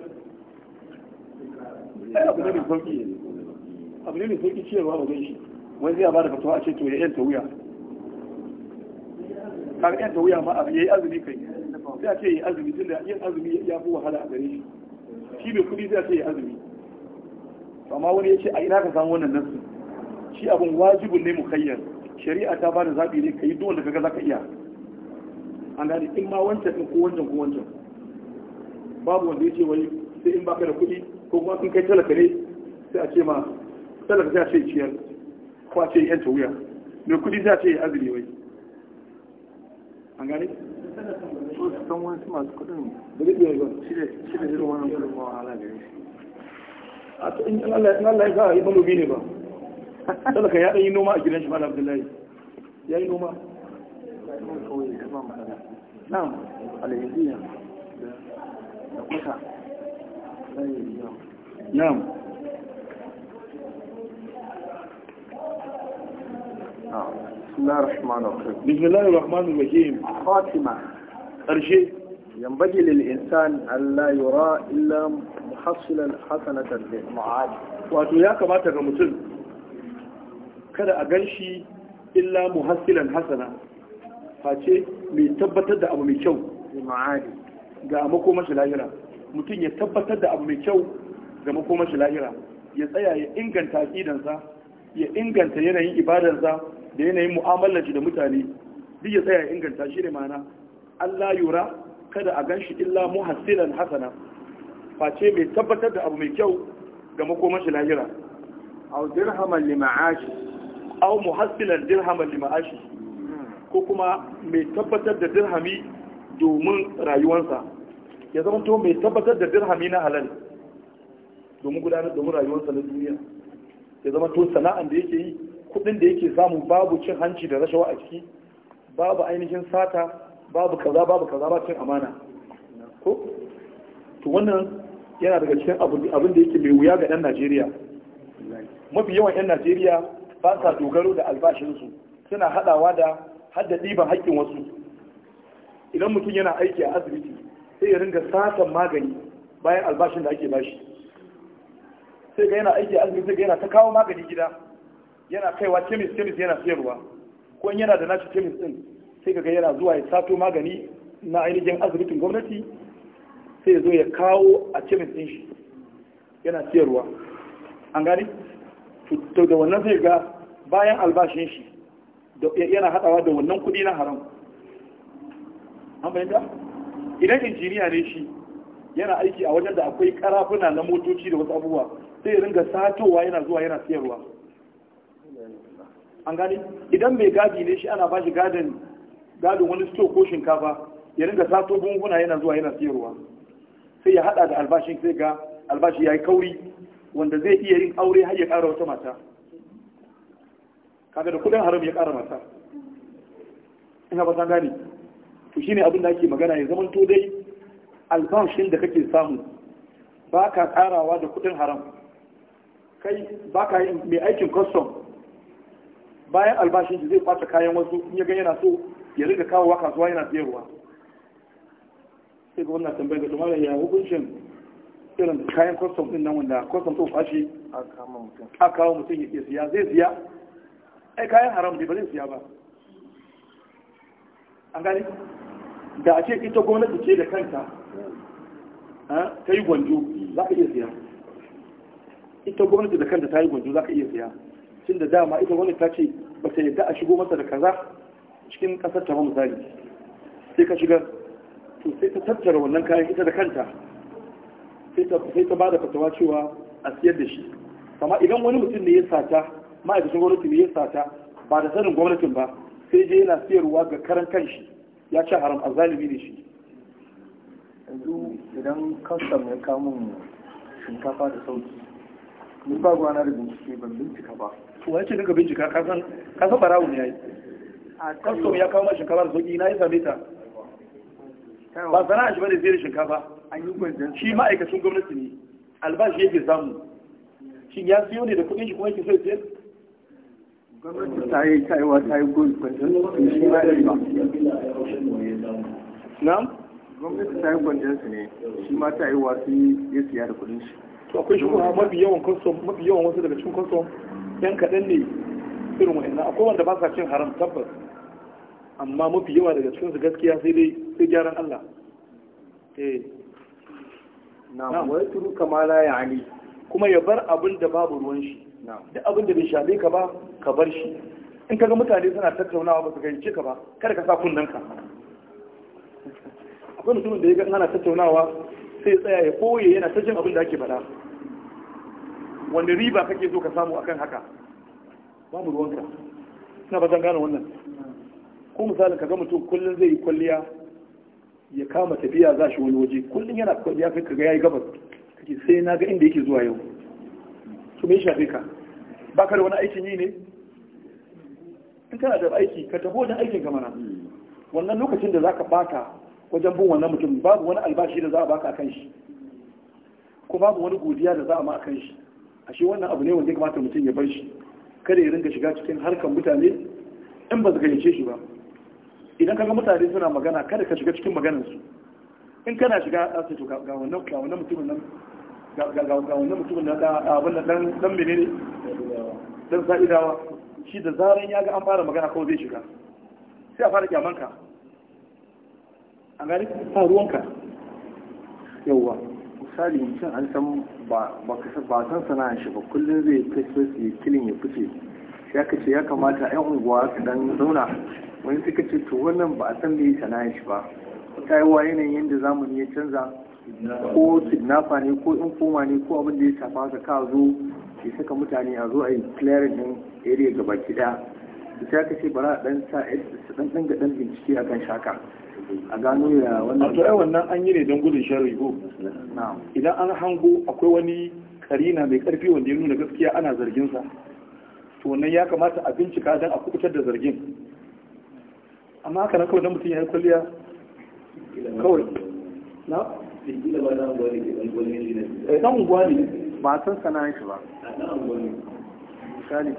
ai abu ne mai sauki ne abu ne sai sauki wa ba shi wani zai ba da fatawa a ce to ya yanta wuya ga yanta wuya ma ya yayi azumi kai sai a ce ya yi azumi din da yin azumi ya fi wahala a gare shi shi bai kuɗi sai a ce ya yi azumi amma wani ya ce a ina ka samu wannan nasu shi abin wajibin ne mukayyar shari'a ta ba da zaɓi ne ka yi duk wanda kaga za ka iya an gane in ma wancan ɗin ko wancan ko wancan babu wanda ya ce wai sai in baka da kuɗi ko kuma sun kai talaka ne sai a ce ma talaka za ce ciyar ko a ce mai kudi za ce azumi wai an gane san su masu kudin da ba a in ya yi noma بسم الله الرحمن الرحيم بسم الله الرحمن الرحيم kada a ganshi shi illa muhassilan hasana face mai tabbatar da abu mai kyau ga makomashi lahira mutum ya tabbatar da abu mai kyau ga makomashi lahira ya tsaya ya inganta aƙidansa ya inganta yanayin ibadarsa da yanayin mu'amalar shi da mutane duk ya tsaya inganta shi ne mana Allah yura kada a gan shi illa muhassilan hasana face mai tabbatar da abu mai kyau ga makoman shi lahira aw dirhaman li ma'ashi aw muhassilan dirhaman li ma'ashi ko kuma mai tabbatar da dirhami domin rayuwarsa ya zama to mai tabbatar da dirhami na halal domin gudanar domin rayuwarsa na duniya ya zama to sana'an da yake yi kudin da yake samu babu cin hanci da rashawa a ciki babu ainihin sata babu kaza babu kaza ba cin amana ko to wannan yana daga cikin abin da yake mai wuya ga 'yan najeriya mafi yawan 'yan najeriya ba sa dogaro da albashinsu suna hadawa da hadda ɗiban haƙƙin wasu idan mutum yana aiki a asibiti sai ya ringa satan magani bayan albashin da ake bashi sai ga yana aiki a asibiti sai ga yana ta kawo magani gida yana kaiwa kemis kemis yana siyarwa ko yana da nashi kemis din sai kaga yana zuwa ya sato magani na ainihin asibitin gwamnati sai ya zo ya kawo a kemis din shi yana siyarwa an gani to da wannan zai ga bayan albashin shi yana hadawa da wannan kudi na haram an fahimta idan injiniya ne shi yana aiki a wajen da akwai karafuna na motoci da wasu abubuwa sai ya ringa satowa yana zuwa yana siyarwa an gane idan mai gadi ne shi ana bashi gadin gadin wani sto ko shinkafa ya ringa sato buhuna yana zuwa yana siyarwa sai ya hada da albashin sai ga albashi ya yi kauri wanda zai iya yin aure har ya kara wata mata kaga da kudin haram ya kara mata ina ba san gane to shine abin da ake magana ya zaman to dai albashin da kake samu baka karawa da kudin haram kai baka mai aikin custom bayan albashin shi zai fata kayan wasu in ya ga yana so ya riga kawowa kasuwa yana siyarwa. sai ga wannan tambayi ga tumara ya hukuncin irin kayan kwastam din nan wanda kwastam to fashi. a kawo mutum ya siya zai siya ai kayan haram ne ba zai siya ba an gani da a ce ita gwamnati ce da kanta ta yi gwanjo za ka iya siya ita gwamnati da kanta ta yi gwanjo za ka iya siya tun da dama ita wani ta ce ba ta yadda a shigo masa da kaza cikin kasar ta misali sai ka shiga to sai ta tattara wannan kayan ita da kanta sai ta ba da fatawa cewa a siyar da shi amma idan wani mutum ne ya sata ma'aikacin gwamnati ne ya sata ba da sanin gwamnatin ba sai je yana siyarwa ga karan shi, ya ci haram a zalimi ne shi yanzu idan kastam ya kamun shinkafa da sauki ni ba gwana da bincike ban bincika ba to wai ce daga bincika kasan san ka ya yi. ne ya kawo mashin kamar zoki, na yi same ta ba sana'a shi bane zai shinkafa an yi shi ma'aikacin gwamnati ne albashi yake samu shi ya siyo ne da kuɗin shi kuma yake so ya siyar gwamnati ta yi kaiwa ta yi gwamnati gwanjan shi ma da riba na'am gwamnati ta yi gwamnati ne shi ma ta yi wasu ya siya da kuɗin shi to akwai shi kuma mafi yawan custom mafi yawan wasu daga cikin custom yan kaɗan ne irin wa'annan akwai wanda ba sa cin haram tabbas amma mafi yawa daga cikin su gaskiya sai dai sai gyaran Allah eh na wai turu kamala ya ali kuma ya bar abin da babu ruwan shi da abin da bai shafe ka ba ka bar shi in kaga mutane suna tattaunawa ba su gayyace ka ba kada ka sa kunnen ka akwai mutumin da ya ga ana tattaunawa sai tsaya ya koye yana ta jin abin da ake bada wani riba kake so ka samu akan haka babu ruwanka suna ba zan gane wannan ko misalin ka ga mutum kullum zai yi kwalliya ya kama tafiya za shi wani waje kullum yana kwalliya kai ka ga yayi gabas kake sai na ga inda yake zuwa yau to me shafe ka ka da wani aikin yi ne in kana da aiki ka tafi wajen aikin ka mana wannan lokacin da zaka bata wajen bin wannan mutum babu wani albashi da za a baka akan shi ko babu wani godiya da za a ma akan shi shi wannan abu ne wanda ya kamata mutum ya bar shi kada ya ringa shiga cikin harkar mutane in ba su yace shi ba idan kaga mutane suna magana kada ka shiga cikin maganar su in kana shiga a ce to ga wannan ga wannan mutumin nan ga ga wannan mutumin nan abin nan dan dan menene dan sa'idawa shi da zaran ya ga an fara magana kawai zai shiga sai a fara kyamanka a gari ka ruwanka Yauwa. misali mutum an san ba san sana'ar shi ba kullum zai su ya kilin ya fice ya kace ya kamata yan unguwa su dan zauna wani suka ce to wannan ba a san da yi sana'ar shi ba ta yi wa yanayin yadda zamani ya canza ko kidnapper ne ko in koma ne ko abin da ya shafa ka ka zo ya saka mutane a zo a yi clearing din area gaba ki daya sai aka ce bara dan sa dan dan ga dan bincike kan shaka a gano ya wannan to ai wannan an yi ne don gudun sharri ko idan an hango akwai wani karina mai karfi wanda ya nuna gaskiya ana zargin sa to wannan ya kamata a bincika dan a kubutar da zargin amma haka na kawai dan mutum ya yi kwalliya kawai na dan eh, unguwa ne ba san sana'ar shi ba misali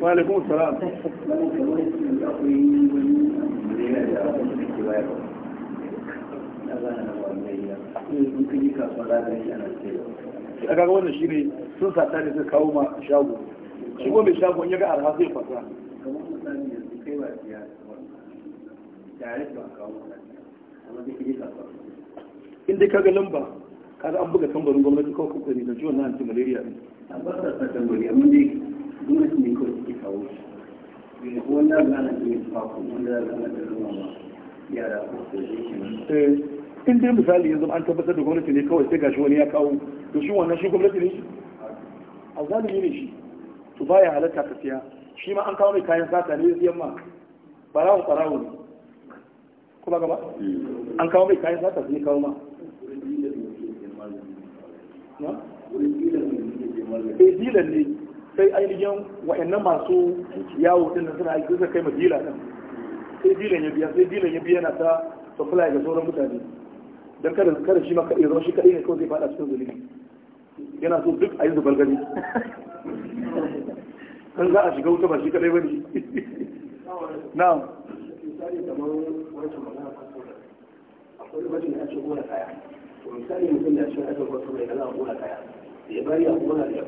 wa alaikum salam a wannan shi ne sun sata ne kawo ma shago shi shago in ya ga arha zai fasa in dai kaga lamba kaga an buga tambarin gwamnati kawai kuka da ciwon na ne gwamnati ne kawai suke kawo shi wanda wanda zama yara ko eh, in dai misali yanzu an tabbatar da gwamnati ne kawai sai gashi wani ya kawo to shi wannan shi gwamnati ne shi a zalimi ne shi to baya halatta ka siya shi ma an kawo mai kayan sata ne siyan ma barawo barawo ne kuma gaba hmm. an kawo mai kayan sata ne kawo ma wani dilan ne sai ainihin wa'annan masu yawo din suna aiki suka kai ma dila din sai dilan ya biya sai dilan ya biya na ta supply ga sauran mutane dan kada kada shi maka ya zama shi kadai ne kawai zai fada cikin zulumi yana so duk a yi zubar gari kan za a shiga wuta ba shi kadai bane na'am misali kamar wancan magana kasuwa akwai wajen da ake gona kaya misali mutum da shi ake gona kaya da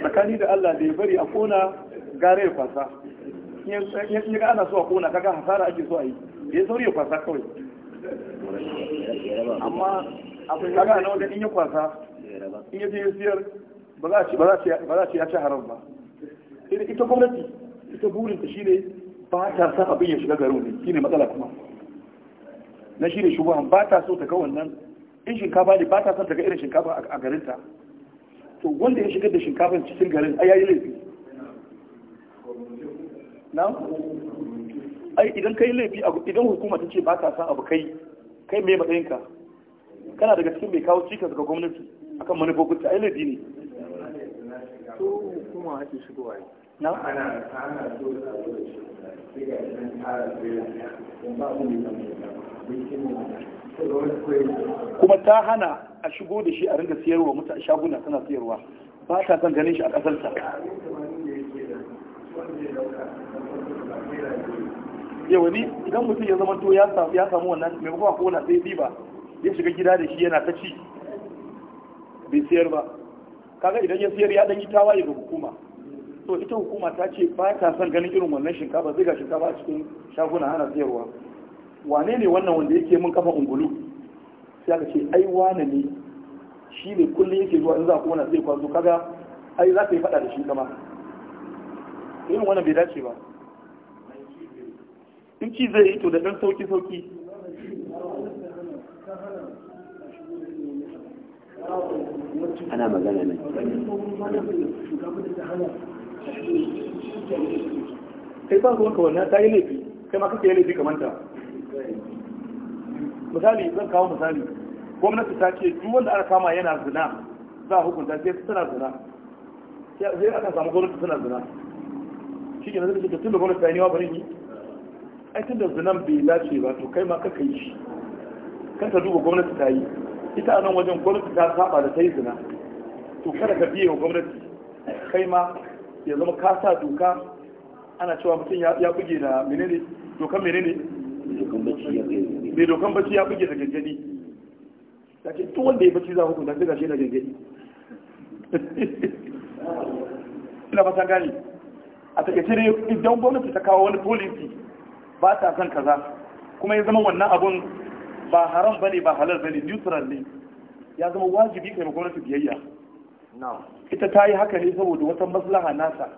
tsakani da Allah da ya bari a kona gare ya fasa in ga ana so a kona kaga hasara ake so a yi ya sauri ya fasa kawai amma kaga na wajen in ya kwasa in ya ya siyar ba za a ce ya ci haram ba ita gwamnati ita burinta shine ba ta sa abin ya shiga garin ne shine matsala kuma na shi ne shubuhan ba ta so ta ga wannan in shinkafa ne ba ta son ta ga irin shinkafa a garinta to wanda ya shigar da shinkafa cikin garin ai yayi laifi na ai idan kai laifi idan hukuma ta ce ba ta son abu kai kai me ka kana daga cikin mai kawo cikas ga gwamnati akan ta ai laifi ne to hukuma ake shigowa ana ana so a zo da shi sai nan ba mu kuma ta hana a shigo da shi a ringa siyarwa a shaguna tana siyarwa ba ta son ganin shi a ƙasarsa yawa ni idan mutum ya zama to ya samu wannan mai kuma kona sai riba ya shiga gida da shi yana ta ci bai siyar ba kaga idan ya siyar ya dan yi tawaye ga hukuma to ita hukuma ta ce ba ta son ganin irin wannan shinkafa zai ga shinkafa a cikin shaguna ana siyarwa wane ne wannan wanda yake mun kafa ungulu sai aka ce ai wane ne shi ne kullum yake zuwa in za ku wani zai kwazo kaga ai za ka yi faɗa da shi kama irin wannan bai dace ba in ci zai yi to da ɗan sauki sauki ana magana ne kai ba ruwanka wannan ta yi laifi kai ma kake yi laifi kamar ta misali zan kawo misali gwamnati ta ce duk wanda aka kama yana zina za a hukunta sai suna zina sai aka samu gwamnati suna zina shi ke nazarin da tun da gwamnati ta yi niwa bari yi ai tun da zinan bai dace ba to kai ma kaka yi shi kan ka duba gwamnati ta yi ita a nan wajen gwamnati ta saba da ta yi zina to kada ka biye wa gwamnati kai ma ya zama ka sa doka ana cewa mutum ya buge da menene dokan menene mai dokan bacci ya buge da gangani da ke tun wanda ya bacci za da sai shi da gangani ina fata gani a takaice ne idan gwamnati ta kawo wani policy ba ta son kaza kuma ya zama wannan abun ba haram bane ba halal bane neutral ne ya zama wajibi kai ma gwamnati biyayya ita ta yi haka ne saboda wata maslaha nasa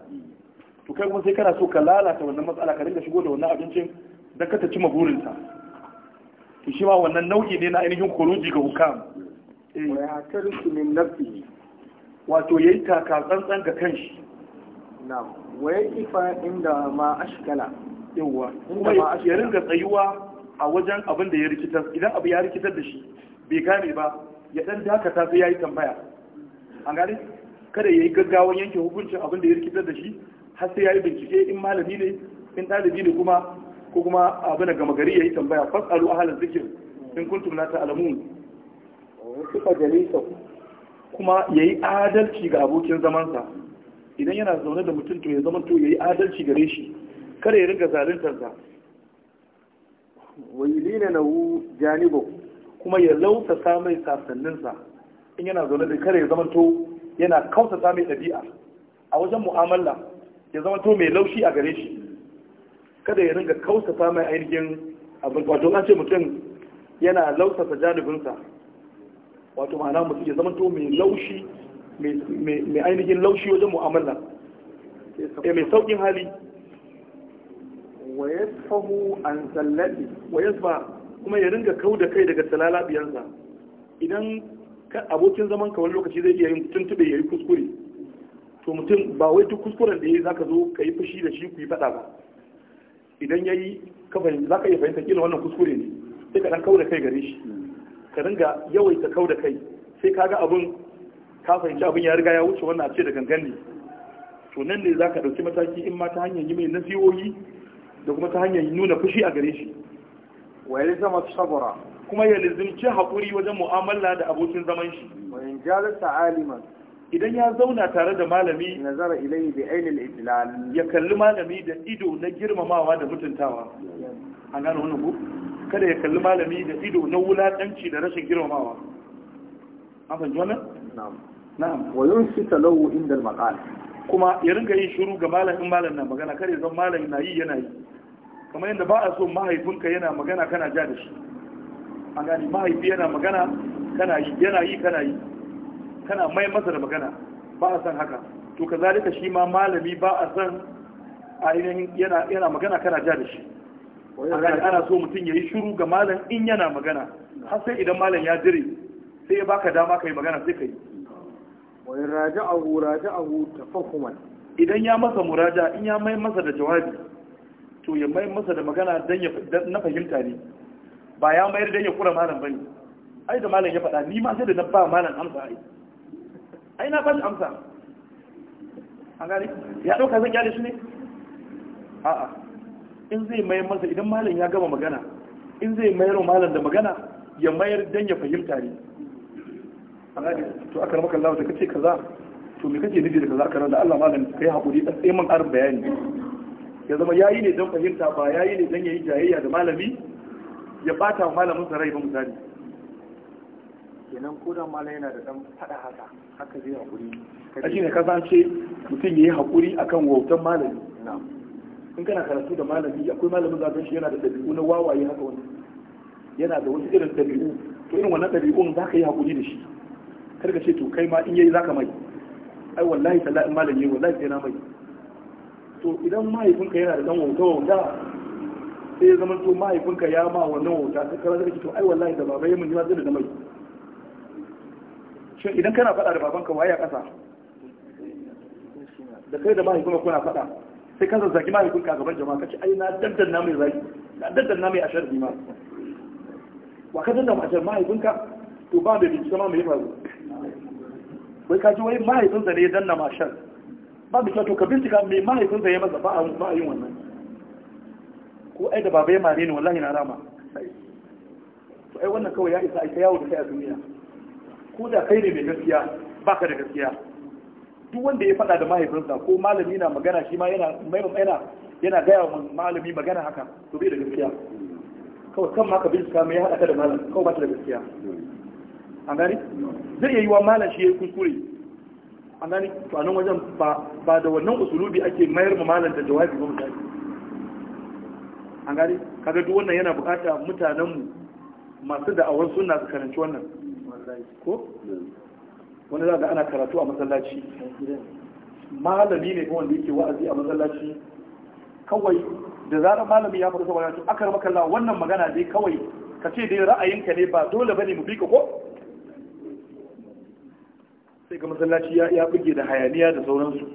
to kai kuma sai kana so ka lalata wannan matsala ka dinga shigo da wannan abincin don ka ta cima burinsa to shi ma wannan nau'i ne na ainihin kuruji ga hukam eh. ya tarku min nafsi wato yayi taka tsantsan ga kanshi na'am waye ifa inda ma ashkala yawa kuma ya ringa tsayuwa a wajen abin da ya rikitar idan abu ya rikitar da shi bai gane ba ya dan dakata sai yayi tambaya an gane kada ya yi gaggawan yanke hukuncin abin da ya rikitar da shi har sai ya yi bincike in malami ne in ɗalibi ne kuma ko kuma abin da gama gari ya yi tambaya fasalu halin zikir in kuntum na ta alamu kuma ya yi adalci ga abokin zamansa idan yana zaune da mutum to ya zama to ya yi adalci gare shi kada ya ringa zaluntarsa wa yulina lahu janibahu kuma ya lausa samai sasanninsa in yana zaune da kare ya to yana kautata mai ɗabi'a a wajen mu'amala ya zama to mai laushi a gare shi kada ya ringa kautata mai ainihin abin wato an ce mutum yana ta janibinsa wato ma'ana mutum ya zama to mai laushi mai ainihin laushi wajen mu'amala eh, mai sauƙin hali wa yasfahu an sallati wa yasfa kuma ya ringa kau da kai daga talalabiyarsa idan abokin zaman ka wani lokaci zai iya yin tuntube ya yi kuskure to mutum ba wai duk kuskuren da ya yi za ka zo ka yi fushi da shi ku yi faɗa ba idan ya yi za ka iya fahimta kila wannan kuskure ne sai ka ɗan kau da kai gare shi ka dinga yawaita kau da kai sai ka ga abin ka fahimci abin ya riga ya wuce wannan a ce da gangan ne to nan ne za ka ɗauki mataki in ma ta hanyar yi mai nasihohi da kuma ta hanyar nuna fushi a gare shi wa zama shagora? kuma ya lizimci haƙuri wajen mu'amala da abokin zaman shi Wajen jalasa aliman idan ya zauna tare da malami nazara ilayhi bi ainil ijlal ya kalli malami da ido na girmamawa da mutuntawa an gano wannan ku kada ya kalli malami da ido na wulaƙanci da rashin girmamawa an fahimci wannan na'am na'am wa yunsi talahu inda al-maqal kuma ya ringa yin shiru ga malamin malam na magana kada zan malami na yi yana yi kamar yadda ba a so mahaifinka yana magana kana ja da shi a gani mahaifi yana magana kana yi yana yi kana yi kana mai masa da magana ba a san haka to ka zalika shi ma malami ba a san ainihin yana yana magana kana ja da shi ana so mutum ya yi shiru ga malam in yana magana har sai idan malam ya dire sai ya baka dama ka yi magana sai ka yi wani raja'ahu raja'ahu tafahuman idan ya masa muraja in ya mai masa da jawabi to ya mai masa da magana dan na fahimta ne ba ya mayar da ya kura malam bane ai da malam ya faɗa ni ma sai da na ba malam amsa ai ai na bani amsa an gane ya ɗauka zan kyale shi ne a'a in zai mayar masa idan malam ya gama magana in zai mayar malam da magana ya mayar dan ya fahimta ne an gane to aka ramaka Allah da kace kaza to me kace nufi da kaza aka da Allah malam kai hakuri dan sai mun karin bayani ya zama yayi ne dan fahimta ba yayi ne dan yayi jayayya da malami ya bata malamin sarai rai ba misali kenan ko da yana da dan fada haka haka zai hakuri a ne ka san ce mutum yayi hakuri akan wautan malami in kana karatu da malami akwai malamin zaben shi yana da dabi'u na wawaye haka wani yana da wasu irin dabi'u to irin wannan ɗabi'un za ka yi hakuri da shi kar ka ce to kai ma in yayi za ka mai ai wallahi tallahi malami yayi wallahi sai na mai to idan mahaifinka yana da dan wauta wauta sai ya zama to mahaifinka ya ma wannan wauta ta ka zaka to ai wallahi da baba mun ya zai da mai shin idan kana faɗa da babanka waye a ƙasa da kai da mahaifinka kuna faɗa sai kan zaki mahaifinka a gaban jama'a kace ai na na mai zaki na na mai ashar ma wa ka danna ashar mahaifinka to ba da bincike ma mai faru bai ka ji wai mahaifinsa ne ya danna mashar ba da kyau to ka bincika mai mahaifinsa ya masa ba a yin wannan ko ai da baba ya mare ni wallahi na rama to ai wannan kawai ya isa ai ta yawo da kai a duniya ko da kai ne mai gaskiya baka da gaskiya duk wanda ya faɗa da mahaifinsa ko malami na magana shi ma yana yana yana gaya wa malami magana haka to bai da gaskiya kawai kan ma ka bincika mai haɗa ka da malam kawai ba ta da gaskiya an gani zai iya yi wa malam shi ya yi kuskure an gani to a nan wajen ba da wannan usulubi ake mayar mu malam da jawabi ba misali an gari kaga duk wannan yana bukata mutanenmu masu da'awar suna su karanci wannan ko wani za ga ana karatu a masallaci malami ne ko wanda yake wa'azi a masallaci kawai da zarar malami ya faru saboda akar makalla wannan magana dai kawai ka ce dai ra'ayinka ne ba dole bane mu bi ka ko sai ga masallaci ya buge da hayaniya da sauransu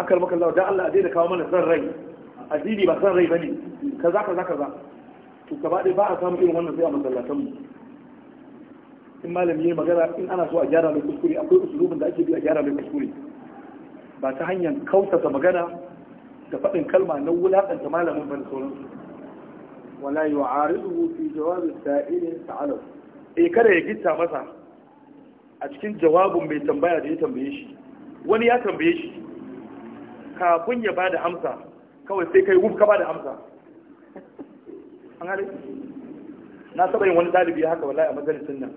akar makalla dan Allah a daina kawo mana san rai addini ba san rai bane kaza kaza kaza to ka ɗaya ba a samu irin wannan sai a masallatanmu in malami ne magana in ana so a gyara mai kuskure akwai usulubin da ake bi a gyara mai kuskure ba ta hanyar kautata magana da faɗin kalma na wulaƙanta malamin ban sauransu wala yu'aridu fi jawabi sa'ilin sa'alahu eh kada ya gitta masa a cikin jawabin mai tambaya da ya tambaye shi wani ya tambaye shi kafin ya bada amsa kawai sai kai wuf ka ba da amsa an hali na saba yin wani dalibi haka wallahi a majalisin nan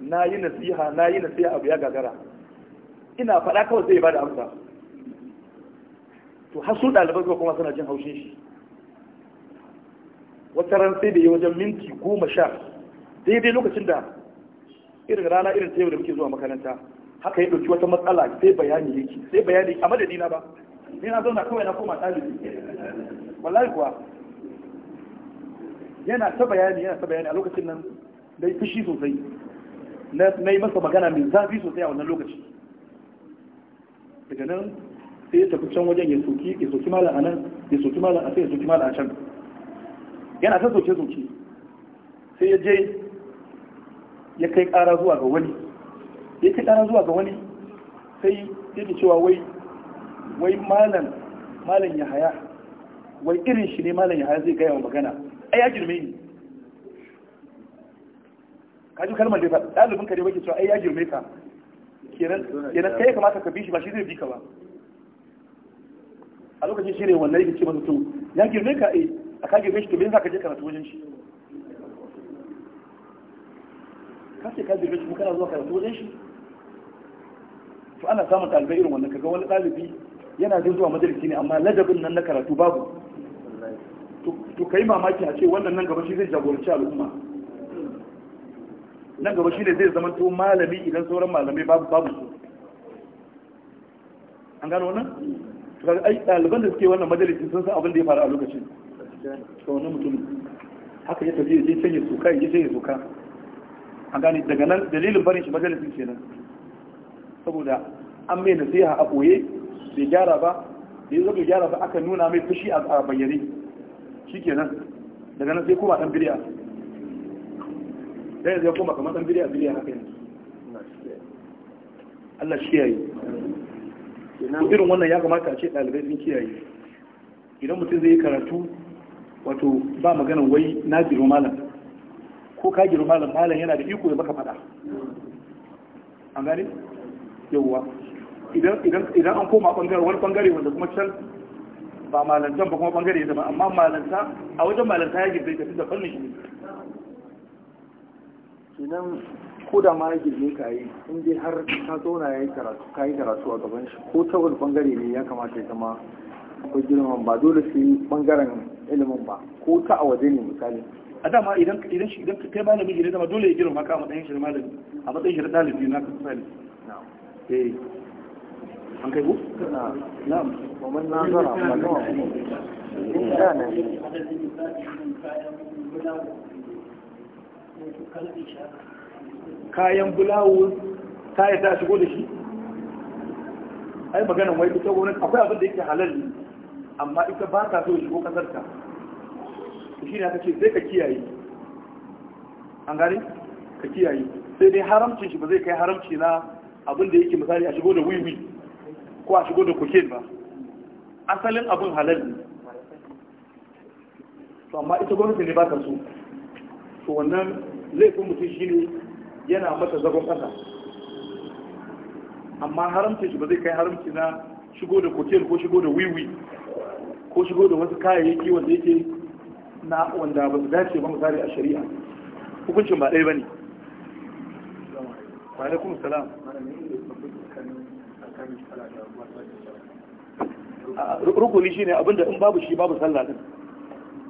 na yi nasiha na yi nasiha abu ya gagara ina faɗa kawai sai ba da amsa to har su ɗaliban zuwa kuma suna jin haushin shi wata ran sai da yi wajen minti goma sha daidai lokacin da irin rana irin ta yau da muke zuwa makaranta haka ya ɗauki wata matsala sai bayani yake sai bayani a madadina ba ni na zauna kawai na koma ɗalibi wallahi kuwa yana ta bayani yana ta bayani a lokacin nan dai fushi sosai na yi masa magana mai zafi sosai a wannan lokaci daga nan sai ya tafi can wajen ya soki ya soki malam a nan ya soki malam a sai ya soki malam a can yana ta soke soke sai ya je ya kai ƙara zuwa ga wani ya kai ƙara zuwa ga wani sai yake cewa wai wai malam malam ya haya wai irin shi ne malam ya haya zai gaya wa magana ai ya girme ni ka ji kalmar da ɗalibin ka ne wake cewa ai ya girme ka kenan kai kamata ka bi shi ba shi zai bi ka ba a lokacin shi ne wannan yake ce masa to ya girme ka ai eh, a ka girme shi to me za ka je karatu wajen shi ka ce ka girme shi kuma kana zuwa karatu wajen shi to ana samun ɗalibai irin wannan kaga wani ɗalibi yana da zuwa majalisi ne amma ladabin nan na karatu babu to kai mamaki a ce wannan nan gaba shi zai jagoranci al'umma nan gaba shi ne zai zama to malami idan sauran malamai babu babu su an gano wannan kaga ai ɗaliban da suke wannan majalisi sun san abin da ya faru a lokacin to wannan mutum haka ya tafi ya canje suka ya canje suka an gane daga nan dalilin barin shi majalisi kenan saboda an mai nasiha a ɓoye bai gyara ba da ya bai gyara ba aka nuna mai fushi a bayyane Shi ke nan, daga nan sai kuma dan biriya dan zai kuma kamar dan biriya biriya haka yanzu Allah shi yayi irin wannan ya kamata a ce ɗalibai sun kiyaye idan mutum zai yi karatu wato ba maganin wai na jiro malam ko ka jiro malam malam yana da iko ya baka fada an gane yawwa idan an koma bangare wani bangare wanda kuma can ba malantan ba kuma bangare zama amma malanta a wajen malanta ya girbe tafi da fannin shi sinan ko da ma ya girbe ka yi in dai har ka zauna ya yi karatu a gaban shi ko ta wani bangare ne ya kamata ya zama akwai girman ba dole yi bangaren ilimin ba ko ta a waje ne misali a dama idan idan shi idan kai malamin ne zama dole ya girma ka a matsayin shi malami a matsayin shi ɗalibi na kasu sani. eh an kai kuma na zara ba ne kayan bulawo ta yi ta shigo da shi ai maganin wai ita gwamnati akwai abin da yake halal ne amma ita ba ta so shigo ta shi ne aka ce sai ka kiyaye an gane ka kiyaye sai dai haramcin shi ba zai kai haramci na abin da yake misali a shigo da wiwi ko a shigo da cocaine ba asalin abin halal ne to amma ita gwamnati ne ba ta so to wannan laifin mutum shi ne yana mata zagon kasa amma haramci shi ba zai kai haramci na shigo da kotel ko shigo da wiwi ko shigo da wasu kayayyaki wanda yake na wanda ba su dace ba misali a shari'a hukuncin ba ɗaya ba ne wa alaikum salam rukuni shine abinda in babu shi babu sallah din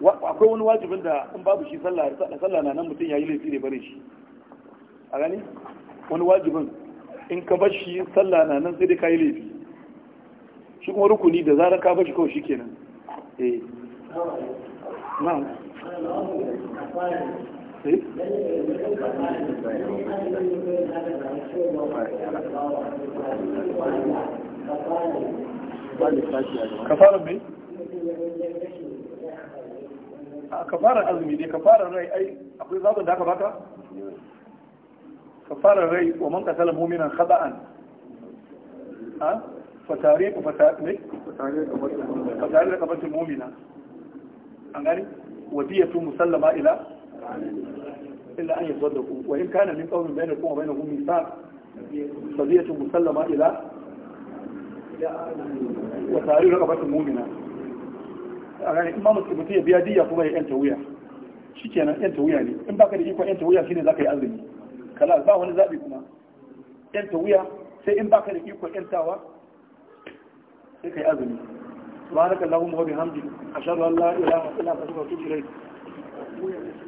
akwai wani wajibin da in babu shi sallah sallah na nan mutum yayi laifi ne bare shi a gani wani wajibin in ka bar shi sallah na nan sai dai kai laifi shi kuma rukuni da zarar ka bar shi kawai shikenan eh na'am kafarar mai? a kafarar azumi ne kafarar rai ai akwai zaɓin da aka baka? kafarar rai wa man kasala muminan khada'an a ah? fatare ku fatare da kabatin mumina an gani wadiyatu musallama ila illa an yasaddaku wa in kana min qawmin bainakum wa bainahum mithaq fadiyatu musallama ila wa tarihu raqabatin mu'mina a ganin in ma mutum ya biya diya kuma ya yanta wuya shikenan yanta wuya ne in baka da ikon yanta wuya shine zaka yi azumi kala ba wani zabi kuma yanta wuya sai in baka da ikon yantawa sai kai azumi subhanakallahumma wa bihamdika ashhadu an la ilaha illa anta astaghfiruka wa atubu ilayk